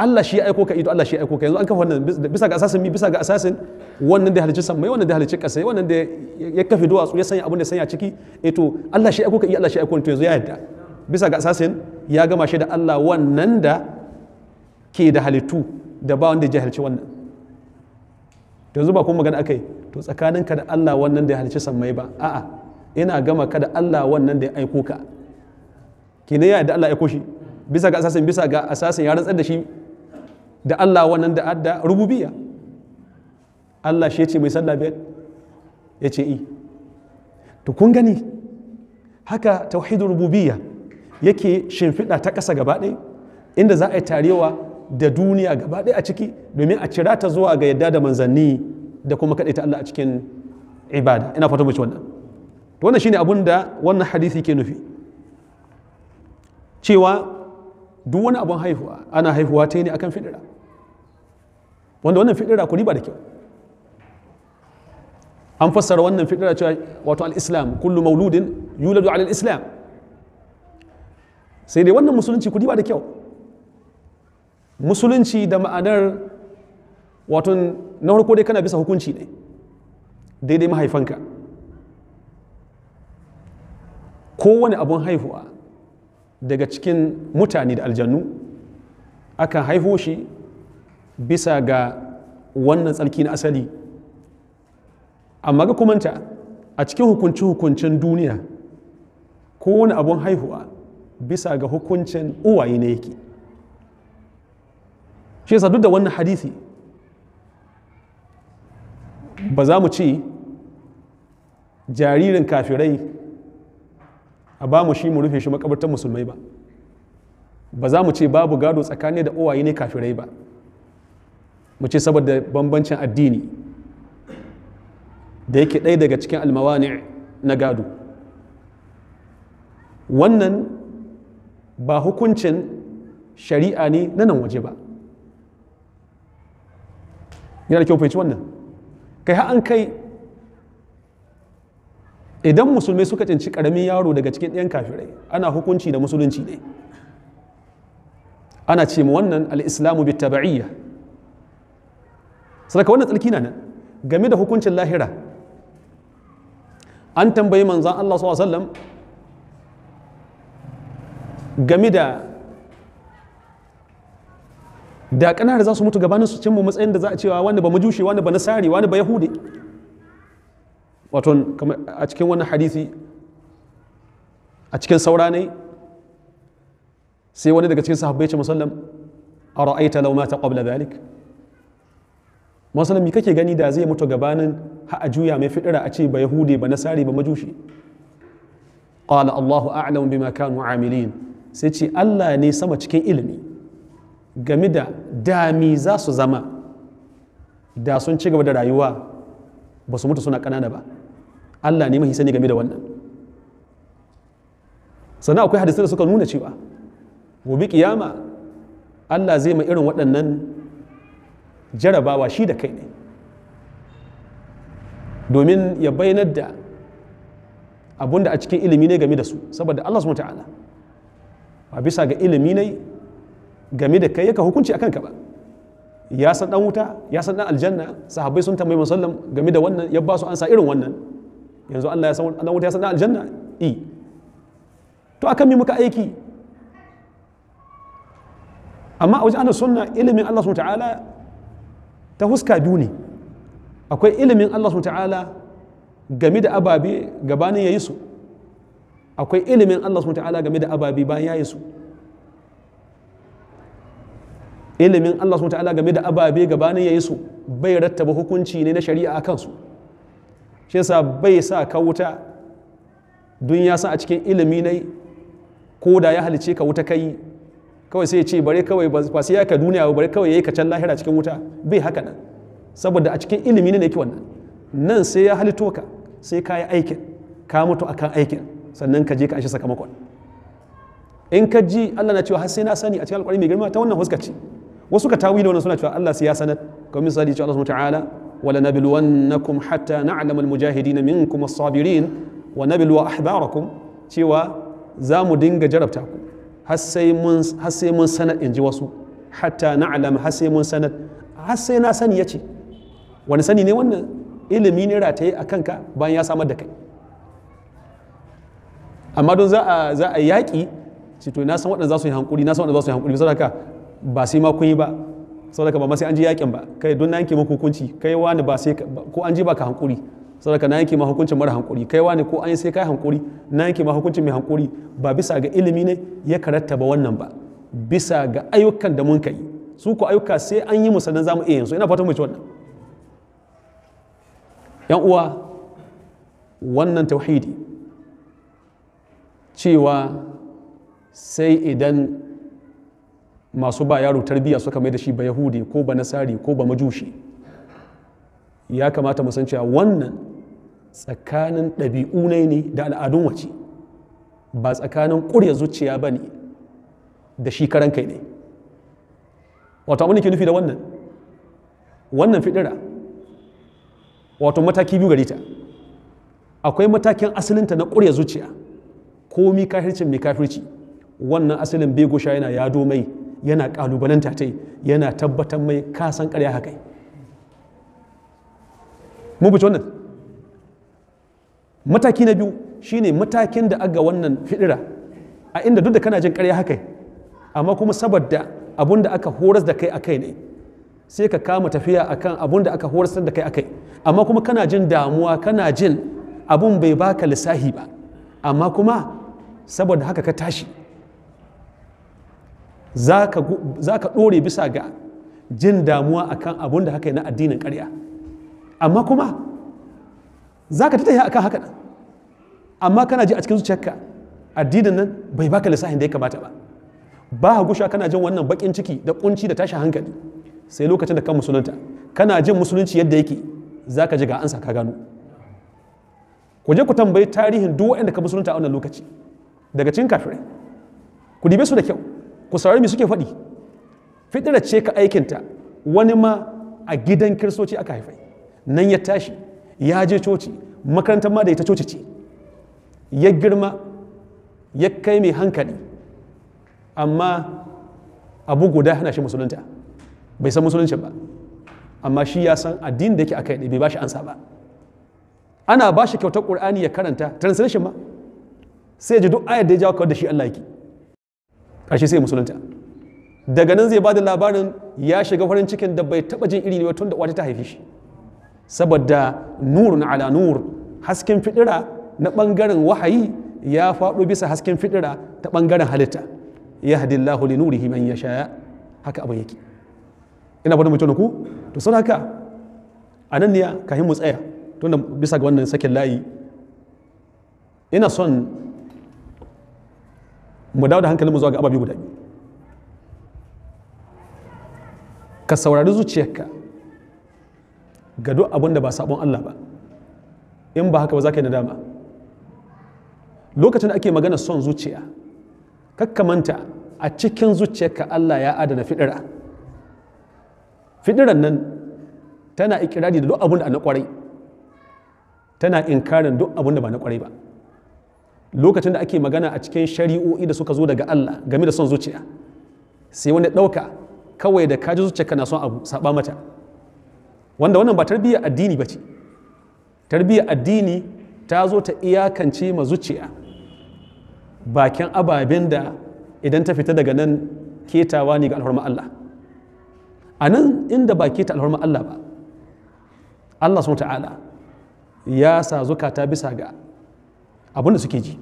Allah shi ya aiko ka ido Allah shi ya aiko ka yanzu an kafa wannan bisa ga asasin mi bisa ga asasin wannan da halicci sammai wannan da halicci kasai wannan da ya kafe duwatsu ya sanya abun da sanya ciki eh to Allah shi ya aiko ka Allah shi ya aiko to yanzu ya yadda bisa ga asasin ya gama shi da Allah wannan da ke da halittu da ba wanda ya jahilci wannan yanzu ba kuma magana akai to ka da Allah wannan da ya halci sammai ba a'a ina gama ka da Allah wannan da ya aiko ka kina ya da Allah ya aiko shi bisa ga asasin bisa ga asasin ya rantsar da shi da Allah wannan da adda rububiyya Allah shi ya ce mai sallah biyar ya ce i to kun gani haka tauhidur rububiyya yake shimfiɗa ta ƙasa gaba ɗaya inda za a yi tarewa da duniya gaba ɗaya a ciki domin a cira ta zuwa ga yadda da manzanni da kuma kaɗai ta Allah a cikin ibada ina fata mu ci wannan to wannan shine abun da wannan hadisi ke nufi cewa duk wani abun haihuwa ana haihuwa ta ne akan fidira wanda wannan fidira ku riba da kyau an fassara wannan fidira cewa wato al-islam kullu mauludin yuladu ala al-islam sai dai wannan musulunci ku riba da kyau musulunci da ma'anar wato na harko dai kana bisa hukunci ne daidai mahaifanka kowane abun haihuwa daga cikin mutane da aljannu akan haihu shi bisa ga wannan tsarki na asali amma ga kumanta a cikin hukunci-hukuncin duniya kowane abun haihuwa bisa ga hukuncin uwaye ne yake shi yasa duk da wannan hadisi ba za mu ce jaririn kafirai a ba mu shi mu rufe shi makabartar musulmai ba ba za mu ce babu gado tsakani da uwaye ne kafirai ba mu ce saboda bambancin addini da yake ɗaya daga cikin almawani na gado wannan ba hukuncin shari'a ne na nan waje ba yana da kyau fahimci wannan kai har an kai idan musulmai suka cinci karamin yaro daga cikin ɗayan kafirai ana hukunci da musulunci ne ana ce ma wannan al'islamu bi taba'iyya sadaka wannan tsarki na nan game da hukuncin lahira an tambayi manzan Allah sallam game da da ƙanana za su mutu gabanin su cimma matsayin da za a cewa wani ba majushi wani ba nasari wani ba yahudi wato a cikin wannan hadisi a cikin saura ne sai wani daga cikin sahabbai ce musallam a ra'aita lau mata qabla dhalik musallam me kake gani da zai mutu gabanin ha a juya mai fidira a ce ba yahudi ba nasari ba majushi qala allahu a'lamu bima kanu amilin sai ce allah ne sama cikin ilimi game da dami za su zama da sun ci gaba da rayuwa ba su mutu suna kanana ba Allah ne mahi sani game da wannan sannan akwai hadisai da suka nuna cewa gobe kiyama Allah zai ma irin waɗannan jarabawa shi da kai ne domin ya bayanar da abun a cikin ilimi ne game da su saboda Allah mutu ta'ala ba bisa ga ilimi ne game da kai yaka hukunci akan ka ba ya san dan wuta ya san dan aljanna sahabbai sun tambayi musallam game da wannan ya ba su ansa irin wannan yanzu Allah ya san dan wuta ya san dan aljanna i to akan mi muka aiki amma a wajen ana sunna ilimin Allah subhanahu ta'ala ta huska biyu ne akwai ilimin Allah subhanahu ta'ala game da ababe gabanin yayi su akwai ilimin Allah subhanahu ta'ala game da ababe bayan yayi su ilimin Allah su ta'ala game da ababe gabanin yi su bai rattaba hukunci ne na shari'a a su shi yasa bai sa ka wuta dun ya sa a cikin ilimi na ko da ya halice ka wuta kai kawai sai ya ce bare kawai ba sai ya ka duniya ba bare kawai ya ka can lahira cikin wuta bai haka nan saboda a cikin ilimi ne yake wannan nan sai ya halito ka sai ka yi aikin ka mutu a kan aikin sannan ka je ka ashe sakamakon in ka ji Allah na cewa har sai na sani a cikin alkwari mai girma ta wannan huskaci wasu ka tawi wannan suna cewa Allah sai ya sanar kamar misali cewa Allah subhanahu ta'ala wala nabluwannakum hatta na'lamal mujahidin minkum as-sabirin wa nabluwa ahbarakum cewa za mu dinga jarabta ku har sai mun har sai mun sanar in ji wasu hatta na'lam har sai mun sanar har sai na sani yace wani sani ne wannan ilimi ne yi a kanka bayan ya samar da kai amma don za a yaƙi ce to na san waɗanda za su yi hankuri na san waɗanda za su yi hankuri bisa haka ba sai ma kun yi ba saboda ba ma sai an ji yakin ba kai don na yanke maka hukunci kai wani ba sai ko an ji baka hankuri saboda na yanke ma hukuncin mara hankuri kai wani ko an yi sai kai hankuri na yanke ma hukuncin mai hankuri ba bisa ga ilimi ne ya karatta ba wannan ba bisa ga ayyukan da mun kai su ko ayyuka sai an yi musannan zamu iya yanzu ina fatan mu ci wannan yan uwa wannan tauhidi cewa sai idan masu ba yaro tarbiyya suka mai da shi ba yahudi ko ba nasari ko ba majushi ya kamata mu san cewa wannan tsakanin ɗabi'u ne ne da al'adun wace ba tsakanin ƙurya zuciya ba ne da shi karan kai ne wato abin da ke nufi da wannan wannan fidira wato mataki biyu gari ta akwai matakin asalinta na ƙurya zuciya ko mi kafircin mai kafirci wannan asalin bego sha yana yado mai yana kalubalanta ta yana tabbatar mai kasan karya haka mun buci wannan mataki na biyu shine matakin da aga wannan fidira a inda duk da kana jin karya haka amma kuma saboda abinda aka horas da kai akai ne sai ka kama tafiya akan abunda aka horas da kai akai amma kuma kana jin damuwa kana jin abun bai baka lissahi ba amma kuma saboda haka ka tashi za ka ɗore bisa ga jin damuwa akan abun da haka yi na addinin ƙarya amma kuma za ka tattaya akan haka amma kana ji a cikin zuciyarka addinin nan bai baka lissafin da ya kamata ba ba ha gusha kana jin wannan bakin ciki da kunci da tashin hankali sai lokacin da kan musulunta kana jin musulunci yadda yake za ka ji ga ansa ka gano ku je ku tambayi tarihin duk waɗanda ka musulunta a wannan lokaci daga cikin kafirai ku dibe su da kyau ku saurari me suke faɗi fitira ce ka aikinta wani ma a gidan kirsoci aka haifai nan ya tashi ya je coci makarantar ma da ita coci ce ya girma ya kai mai hankali amma abu guda hana shi musulunta bai san musulunci ba amma shi ya san addini da yake aka ne bai ba shi ansa ba ana ba shi kyautar ƙur'ani ya karanta translation ma sai ya ji duk ayar da ya jawo kawar da shi Allah yake ƙarshe sai musulunta daga nan zai ba da labarin ya shiga farin cikin da bai taɓa jin iri ne tun da wata ta haife shi saboda nur na ala nur hasken fidira na bangaren wahayi ya faɗo bisa hasken fidira ta bangaren halitta ya hadillahu li nurihi man ya haka abin yake ina faɗin mutum ku to sun haka a nan ne ka mu tsaya tunda bisa ga wannan sakin layi ina son mu dawo da hankalinmu zuwa ga ababe guda biyu ka saurari zuciyarka ga duk abin da ba sabon Allah ba in ba haka ba za ka yi nadama lokacin da ake magana son zuciya manta a cikin zuciyarka Allah ya adana fidira fidiran nan tana ikirari da duk abin da na kwarai tana inkarin duk abin da ba na kwarai ba lokacin da ake magana a cikin shari'o'i da suka zo daga Allah game da son zuciya sai wani ɗauka kawai da kaji zuciya kana son abu saba mata wanda wannan ba tarbiyya addini ba ce tarbiyyar addini ta zo ta iyakance ma zuciya bakin ababen da idan ta fita daga nan ketawa ne ga alhurma Allah a nan inda ba keta alhurma Allah ba Allah sun ta'ala ya sa zukata bisa ga abinda suke ji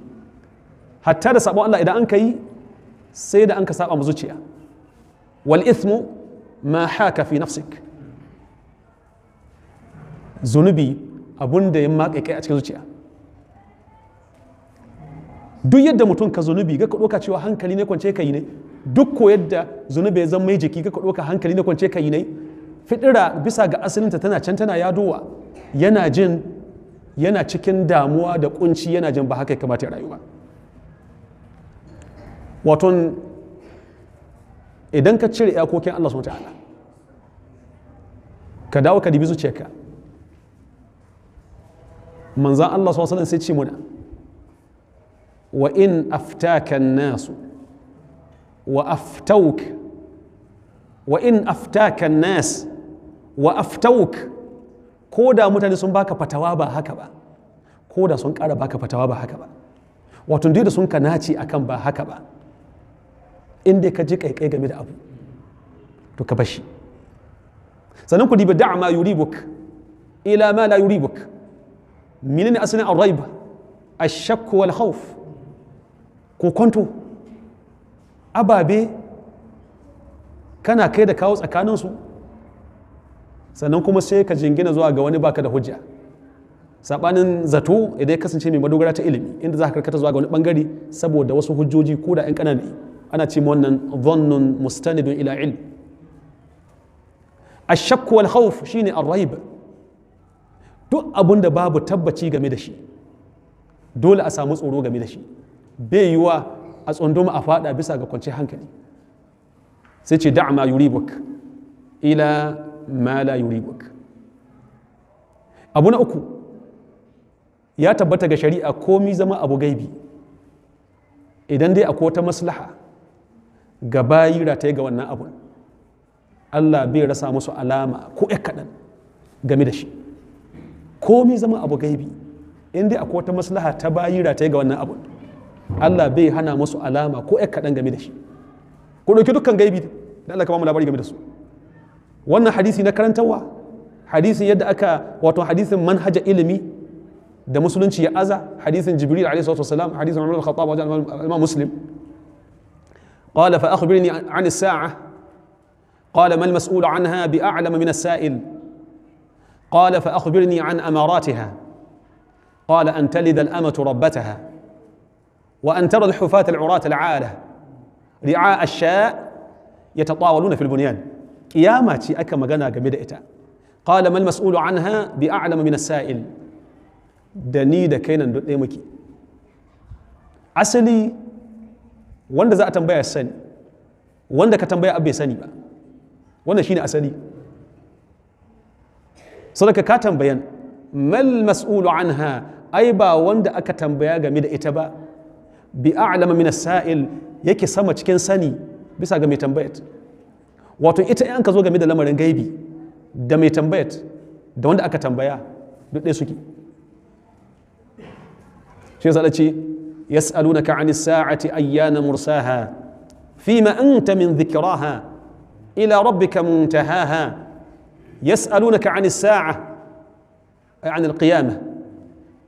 hatta da sabon Allah idan an kai sai da an ka saba zuciya wal ithmu ma haka fi nafsik zunubi abun da ya kai a cikin zuciya duk yadda mutum ka zunubi ga ka cewa hankali ne kwance ka yi ne duk ko yadda zunubi ya zan mai jiki ga ka hankali ne kwance ka yi ne fitira bisa ga asalinta tana can tana yadowa yana jin yana cikin damuwa da kunci yana jin ba haka ya kamata ya rayu ba waton idan ka cire iyakokin Allah sun ta'ala ka dawo ka dibi zuciyarka manzan Allah sun ta'ala sai ce muna wa in aftaka nasu wa aftauk wa in aftakan nas wa aftauk ko da mutane sun baka fatawa ba haka ba ko da sun kara baka fatawa ba haka ba wato dai da sun ka naci akan ba haka ba inda ka ji kaikai game da abu to ka bashi sannan ku diba da'ama yuribuk ila ma la yuribuk menene asalin ar-raib ash-shakk wal khawf ko kwanto ababe kana kai da kawo tsakanin su. sannan kuma sai ka jingina zuwa ga wani baka da hujja sabanin zato idan ya kasance mai madogara ta ilimi inda za ka karkata zuwa ga wani bangare saboda wasu hujjoji ko da 'yan ƙanana ana ce wannan dhannun mustanidun ila A ashakku wal khawf shine ar-raib duk abun da babu tabbaci game da shi dole a samu tsoro game da shi bai yiwa a tsunduma a fada bisa ga kwanciyar hankali sai ce da'a ma yuribuk ila ma la yuribuk abu na uku ya tabbata ga shari'a komi zama abu gaibi idan dai akwai wata maslaha ga ta yi ga wannan abun Allah bai rasa musu alama ko ya kaɗan game da shi komi zama abu gaibi in dai akwai wata maslaha ta ta yi ga wannan abun Allah bai hana musu alama ko ya kaɗan game da shi ku ɗauki dukkan gaibi da Allah ka ba mu labari game da su wannan hadisi na karantarwa hadisin yadda aka wato hadisin manhaja ilimi da musulunci ya aza hadisin jibril alaihi salatu wasalam hadisin umar al-khattab wajen imam muslim قال فأخبرني عن الساعة قال ما المسؤول عنها بأعلم من السائل قال فأخبرني عن أماراتها قال أن تلد الأمة ربتها وأن ترى الحفاة العراة العالة رعاء الشاء يتطاولون في البنيان kiyama ce aka magana game da ita qala mal mas'ulu anha bi a'lamu min as-sa'il da ni da kai nan ɗaya muke asali wanda za a tambaya sani wanda ka tambaya abai sani ba wannan shine asali sadaka ka tambayan mal mas'ulu anha ai ba wanda aka tambaya game da ita ba bi a'lama min as-sa'il yake sama cikin sani bisa ga mai tambayar wato ita in ka zo game da lamarin gaibi da mai tambayat da wanda aka tambaya duk dai suke shi yasa ce yas'alunaka 'anis sa'ati ayyana mursaha fima anta min dhikraha ila rabbika muntahaha yas'alunaka 'anis sa'a ay 'anil qiyamah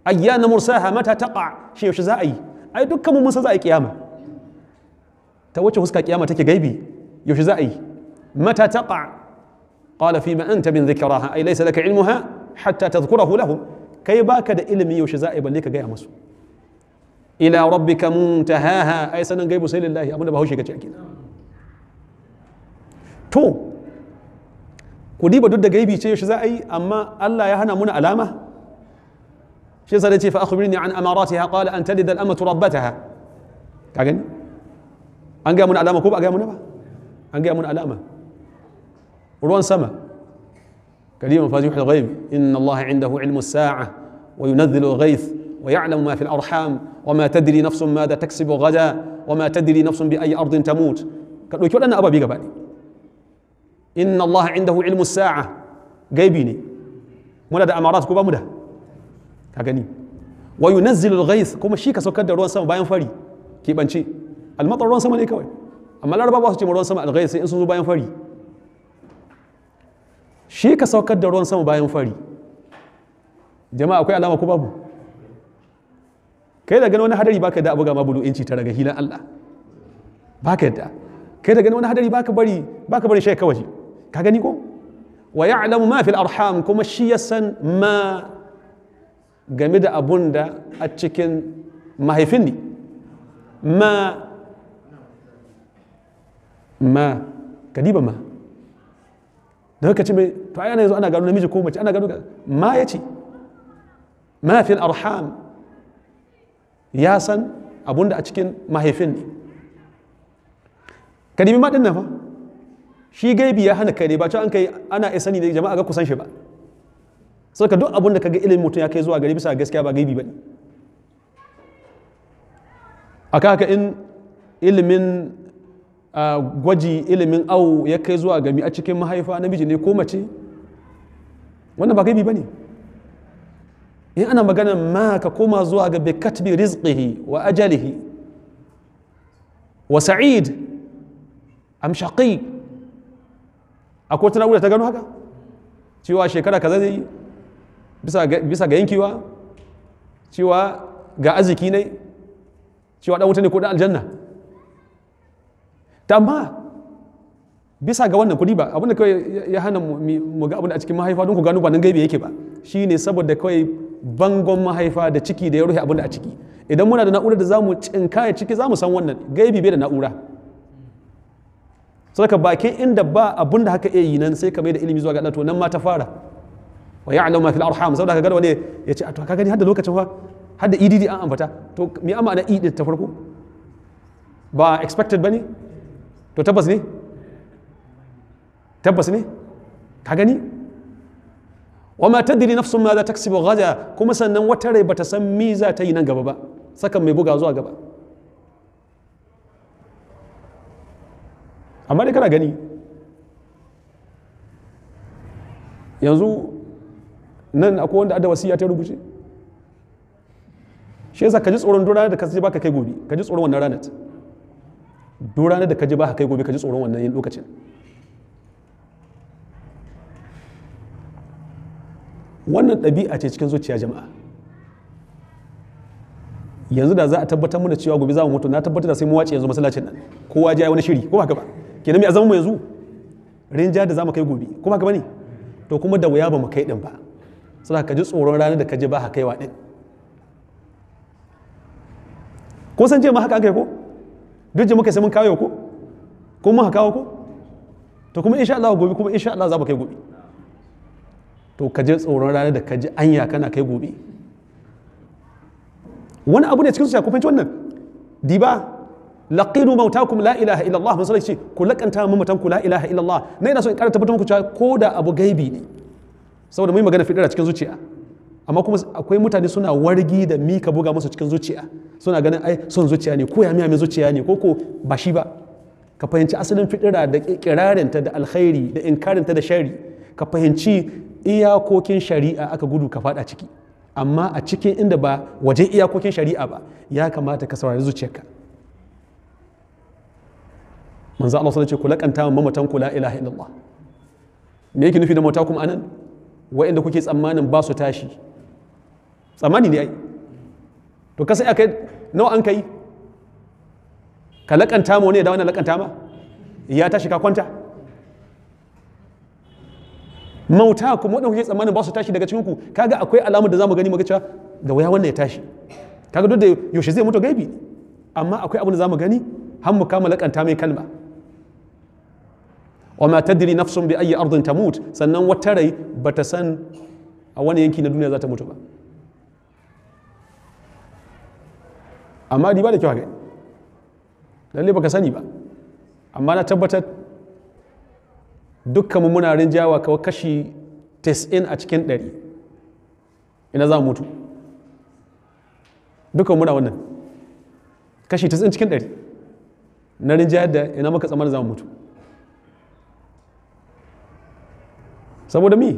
ayyana mursaha mata taqa shi yaushe za a yi ai dukkan mun san za a yi kiyama ta wace huska kiyama take gaibi yaushe za a yi متى تقع قال فيما أنت من ذكرها أي ليس لك علمها حتى تذكره له كي باكد علمي وشزائب لك غير مسو إلى ربك منتهاها أي سنة غيب سيل الله أبونا بهوشي كتاكين تو كودي بدود غيبي شيء شزائي أما الله يهنا من ألامة شيء سألتي فأخبرني عن أماراتها قال أن تلد الأمة ربتها كاكين أنجا من ألامة كوب أنجا من ألامة أنجا من ألامة سما كريم فاز مفاتيح الغيب إن الله عنده علم الساعة وينزل الغيث ويعلم ما في الأرحام وما تدري نفس ماذا تكسب غدا وما تدري نفس بأي أرض تموت قالوا يقول أنا أبا بيقى بقى إن الله عنده علم الساعة غيبيني منا ده أمارات كوبا مده كاغني وينزل الغيث كما شيكا سوكر ده روان سما باين فري كي بانشي المطر روان سما ne أما amma laraba باسو su روان سما الغيث alghayth sai in shi ka saukar da ruwan sama bayan fari jama'a akwai alama ku babu kai da gani wani hadari baka da abu gama bulu inci ta raga hilan Allah baka yadda kai da gani wani hadari baka bari baka bari shi kawai ka gani ko wa ya'lamu ma fil arham kuma shi ya san ma game da abun da a cikin mahaifin ne ma ma kadiba ma da haka ce mai to ai ana yanzu ana gano namiji ko mace ana gano ma ya ce ma fil arham ya san abunda a cikin mahaifin ne kadimi ma din nan fa shi gaibi ya hana kare ba cewa an kai ana isa ne jama'a ga kusan shi ba sai ka duk abun da ga ilimin mutum ya kai zuwa gari bisa gaskiya ba gaibi ba ne a haka in ilimin gwaji ilimin awo ya kai zuwa gami a cikin mahaifa namiji ne ko mace wannan ba gaibi ba ne in ana magana ma ka koma zuwa ga bai katbi rizqihi wa ajalihi wa sa'id am shaqi akwai tana ta gano haka cewa shekara kaza zai bisa ga yankiwa? cewa ga arziki ne cewa dan wuta ne ko dan aljanna ta amma bisa ga wannan kuɗi ba abinda kawai ya hana mu ga abinda a cikin mahaifa don ku gano ba nan gaibe yake ba shi ne saboda kawai bangon mahaifa da ciki da ya rufe abinda a ciki idan muna da na'ura da za mu cinkaya ciki za mu san wannan gaibi bai da na'ura ka bakin inda ba abinda haka iya yi nan sai ka mai da ilimi zuwa ga to nan ma ta fara wa ya ma fil arham saboda ka gano wani ya ce a to ka gani hadda lokacin fa hadda idd e an ambata to me amma na idd e ta farko ba expected bane to tabbas ne tabbas ne ka gani wa ma tadri nafsun ma za ta kasibu gaza kuma sannan wata rai bata san mi za ta yi nan gaba ba sakan mai buga zuwa gaba amma dai kana gani yanzu nan akwai wanda adda wasiya ta rubuce shi yasa ka ji tsoron duk ranar da ka ba baka kai gobe ka ji tsoron wannan ranar duk ranar da ka ji ba ka kai gobe ka ji tsoron wannan yin lokacin wannan ɗabi'a ce cikin zuciya jama'a yanzu da za a tabbatar mana cewa gobe za mu mutu na tabbatar da sai mu wace yanzu masallacin nan kowa ya wani shiri ko haka ba kenan mai azamu mu yanzu rinja da za mu kai gobe ko haka ba ne to kuma da wuya ba mu kai din ba sai ka ji tsoron ranar da ka ji ba kai kaiwa din Ko san je ma haka aka yi ko duk ji muka sai mun kawo ko ko mun kawo ko to kuma insha Allah gobe kuma insha Allah za mu kai gobe to ka je tsoron rana da ka ji anya kana kai gobe wani abu ne cikin su ku fahimci wannan diba laqinu mautakum la ilaha illallah mun sallaci ku lakanta mu mutan ku la ilaha illallah na ina so in karanta muku cewa ko da abu gaibi ne saboda mun yi magana fidira cikin zuciya amma kuma akwai mutane suna wargi da mika buga musu cikin zuciya suna ganin ai son zuciya ne ko ya miya zuciya ne ko ko ba shi ba ka fahimci asalin fitira da kirarinta da alkhairi da inkarinta da shari ka fahimci iyakokin shari'a aka gudu ka fada ciki amma a cikin inda ba wajen iyakokin shari'a ba ya kamata ka saurari zuciyarka manzo Allah sallallahu alaihi wasallam ce kula mamatan ku la ilaha illallah me yake nufi da mota kuma anan wa'inda kuke tsammanin ba su tashi tsammani ne ai to ka sai aka nawa an kai ka lakanta ma wani ya dawo na lakanta ma ya tashi ka kwanta mauta kuma waɗanda kuke tsammanin ba su tashi daga cikin ku kaga akwai alamun da zamu gani muga cewa da waya wannan ya tashi kaga duk da yaushe zai mutu gaibi amma akwai abin da zamu gani har mu kama lakanta mai kalma wa ma tadri nafsun bi ayi ardin tamut sannan wata rai bata san a wani yanki na duniya za ta mutu ba amma riba da kyau gani lalle baka sani ba amma na tabbatar dukkan muna rinjawa kawai kashi 90 a cikin 100 ina za mu mutu dukkan muna wannan kashi 90 cikin 100 na rinjayar da ina maka tsamar za mu mutu saboda mi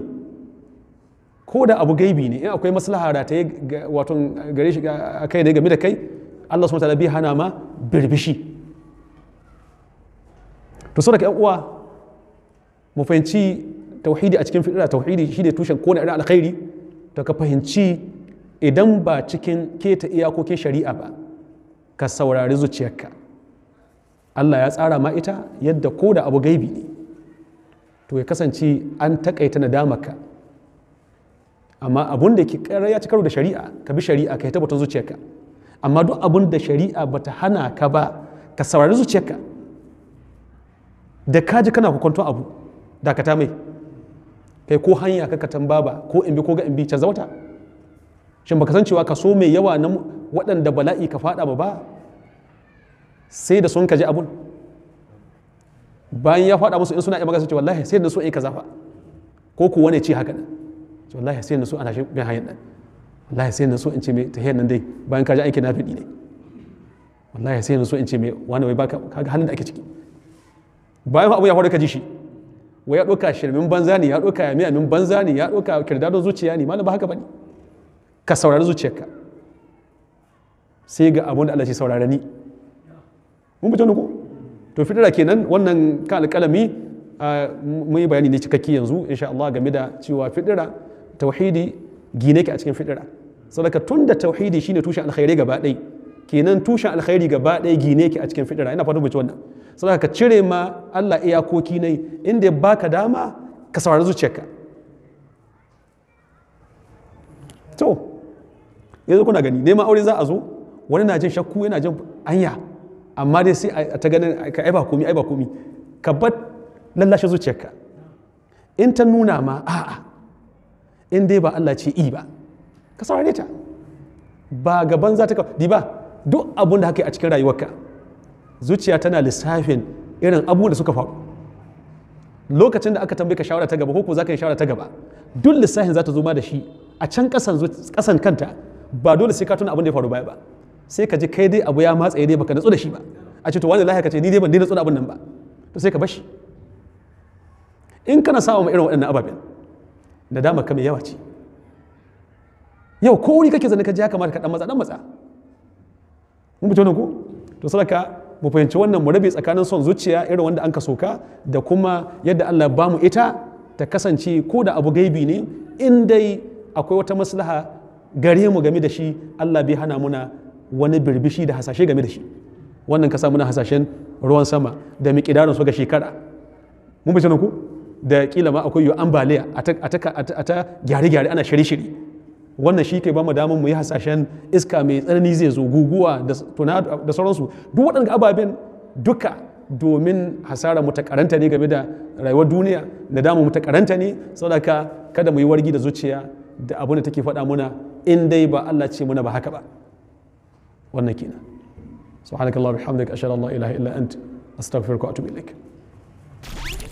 ko da abu gaibi ne in akwai maslaha da ta yi wato gare shi a kai ne game da kai Allah subhanahu bai hana ma birbishi to so daga yan uwa mu fahimci tauhidi a cikin fitra tauhidi shine tushen kone irin alkhairi to ka fahimci idan ba cikin keta iyakokin shari'a ba ka saurari zuciyarka Allah ya tsara ma ita yadda ko da abu gaibi ne to ya kasance an takaita damaka amma abun da ke ya ci karo da shari'a ka bi shari'a ka yi tabbatar zuciyarka amma duk abin da shari'a bata hana ka ba ka saurari zuciyarka da ji kana kwakwanto abu dakata mai kai ko hanya ka katan baba ko in bi ko ga in bi canza wata shin baka san cewa kaso mai yawa na waɗanda bala'i ka fada ba ba sai da sun kaji abun bayan ya fada musu in suna iya magana cewa wallahi sai da su ai kaza fa ko kuwa ne ce haka nan wallahi sai da su ana shi bin hanyar nan wallahi sai na so in ce mai hiyar nan dai bayan ka ji aiki na fiɗi ne wallahi sai na so in ce mai wani wai baka kaga halin da ake ciki bayan abu ya faru ka ji shi wai ya ɗauka shirmin banza ne ya ɗauka yami min banza ne ya ɗauka kirdadon zuciya ne malam ba haka ba ne ka saurari zuciyarka sai ga abun da Allah ya saurari ni mun fito ne ko to fitira kenan wannan ka alƙalami mun yi bayani ne cikakke yanzu insha Allah game da cewa fitira tauhidi gine ke a cikin fitira sadaka tun da tauhidi shine tushen alkhairi gaba ɗai kenan tushen alkhairi gaba ɗai gine ki a cikin fitira ina fatan bace wannan sadaka ka cire ma Allah iyakoki ne inda ya baka dama ka saurari zuciyarka to yanzu kuna gani neman aure za a zo wani na jin shakku yana jin anya amma dai sai a ta ganin ka aiba komi aiba komi ka bar lallashe zuciyarka in ta nuna ma a'a in dai ba Allah ce i ba ka saurare ta ba gaban za ta kawo di ba duk abun da haka a cikin rayuwarka zuciya tana lissafin irin abubuwan da suka faru lokacin da aka tambaye ka shawara ta gaba ko ko za ka yi shawara ta gaba duk lissafin za ta zo ma da shi a can kasan kanta ba dole sai ka tuna abin da ya faru baya ba sai ka ji kai dai abu ya matsaye dai baka natsu da shi ba a ce to wani lahiya ka ce ni dai ban dai natsu da abin nan ba to sai ka bashi in kana samun irin waɗannan ababen nadama ka mai yawa ce yau ko wuri kake zane ka ji ya kamata ka dan matsa dan matsa mun fito nan ku? to sadaka mu fahimci wannan mu rabe tsakanin son zuciya irin wanda an ka soka da kuma yadda Allah ba mu ita ta kasance ko da abu gaibi ne in dai akwai wata maslaha gare mu game da shi Allah bai hana muna wani birbishi da hasashe game da shi wannan ka sa muna hasashen ruwan sama da mu miƙidarin su ga shekara mun bace ku da kila ma akwai yiwu ambaliya a ta gyare-gyare ana shiri-shiri wannan shi ke ba mu damar mu yi hasashen iska mai tsanani zai zo guguwa da sauransu duk waɗanda ababen duka domin hasara mu ta karanta ne game da rayuwar duniya da damu mu ta karanta ne sadaka kada mu yi wargi da zuciya da abin da take faɗa muna in dai ba Allah ce muna ba haka ba wannan kenan subhanakallahumma bihamdika ashhadu an la ilaha illa anta astaghfiruka wa atubu ilaik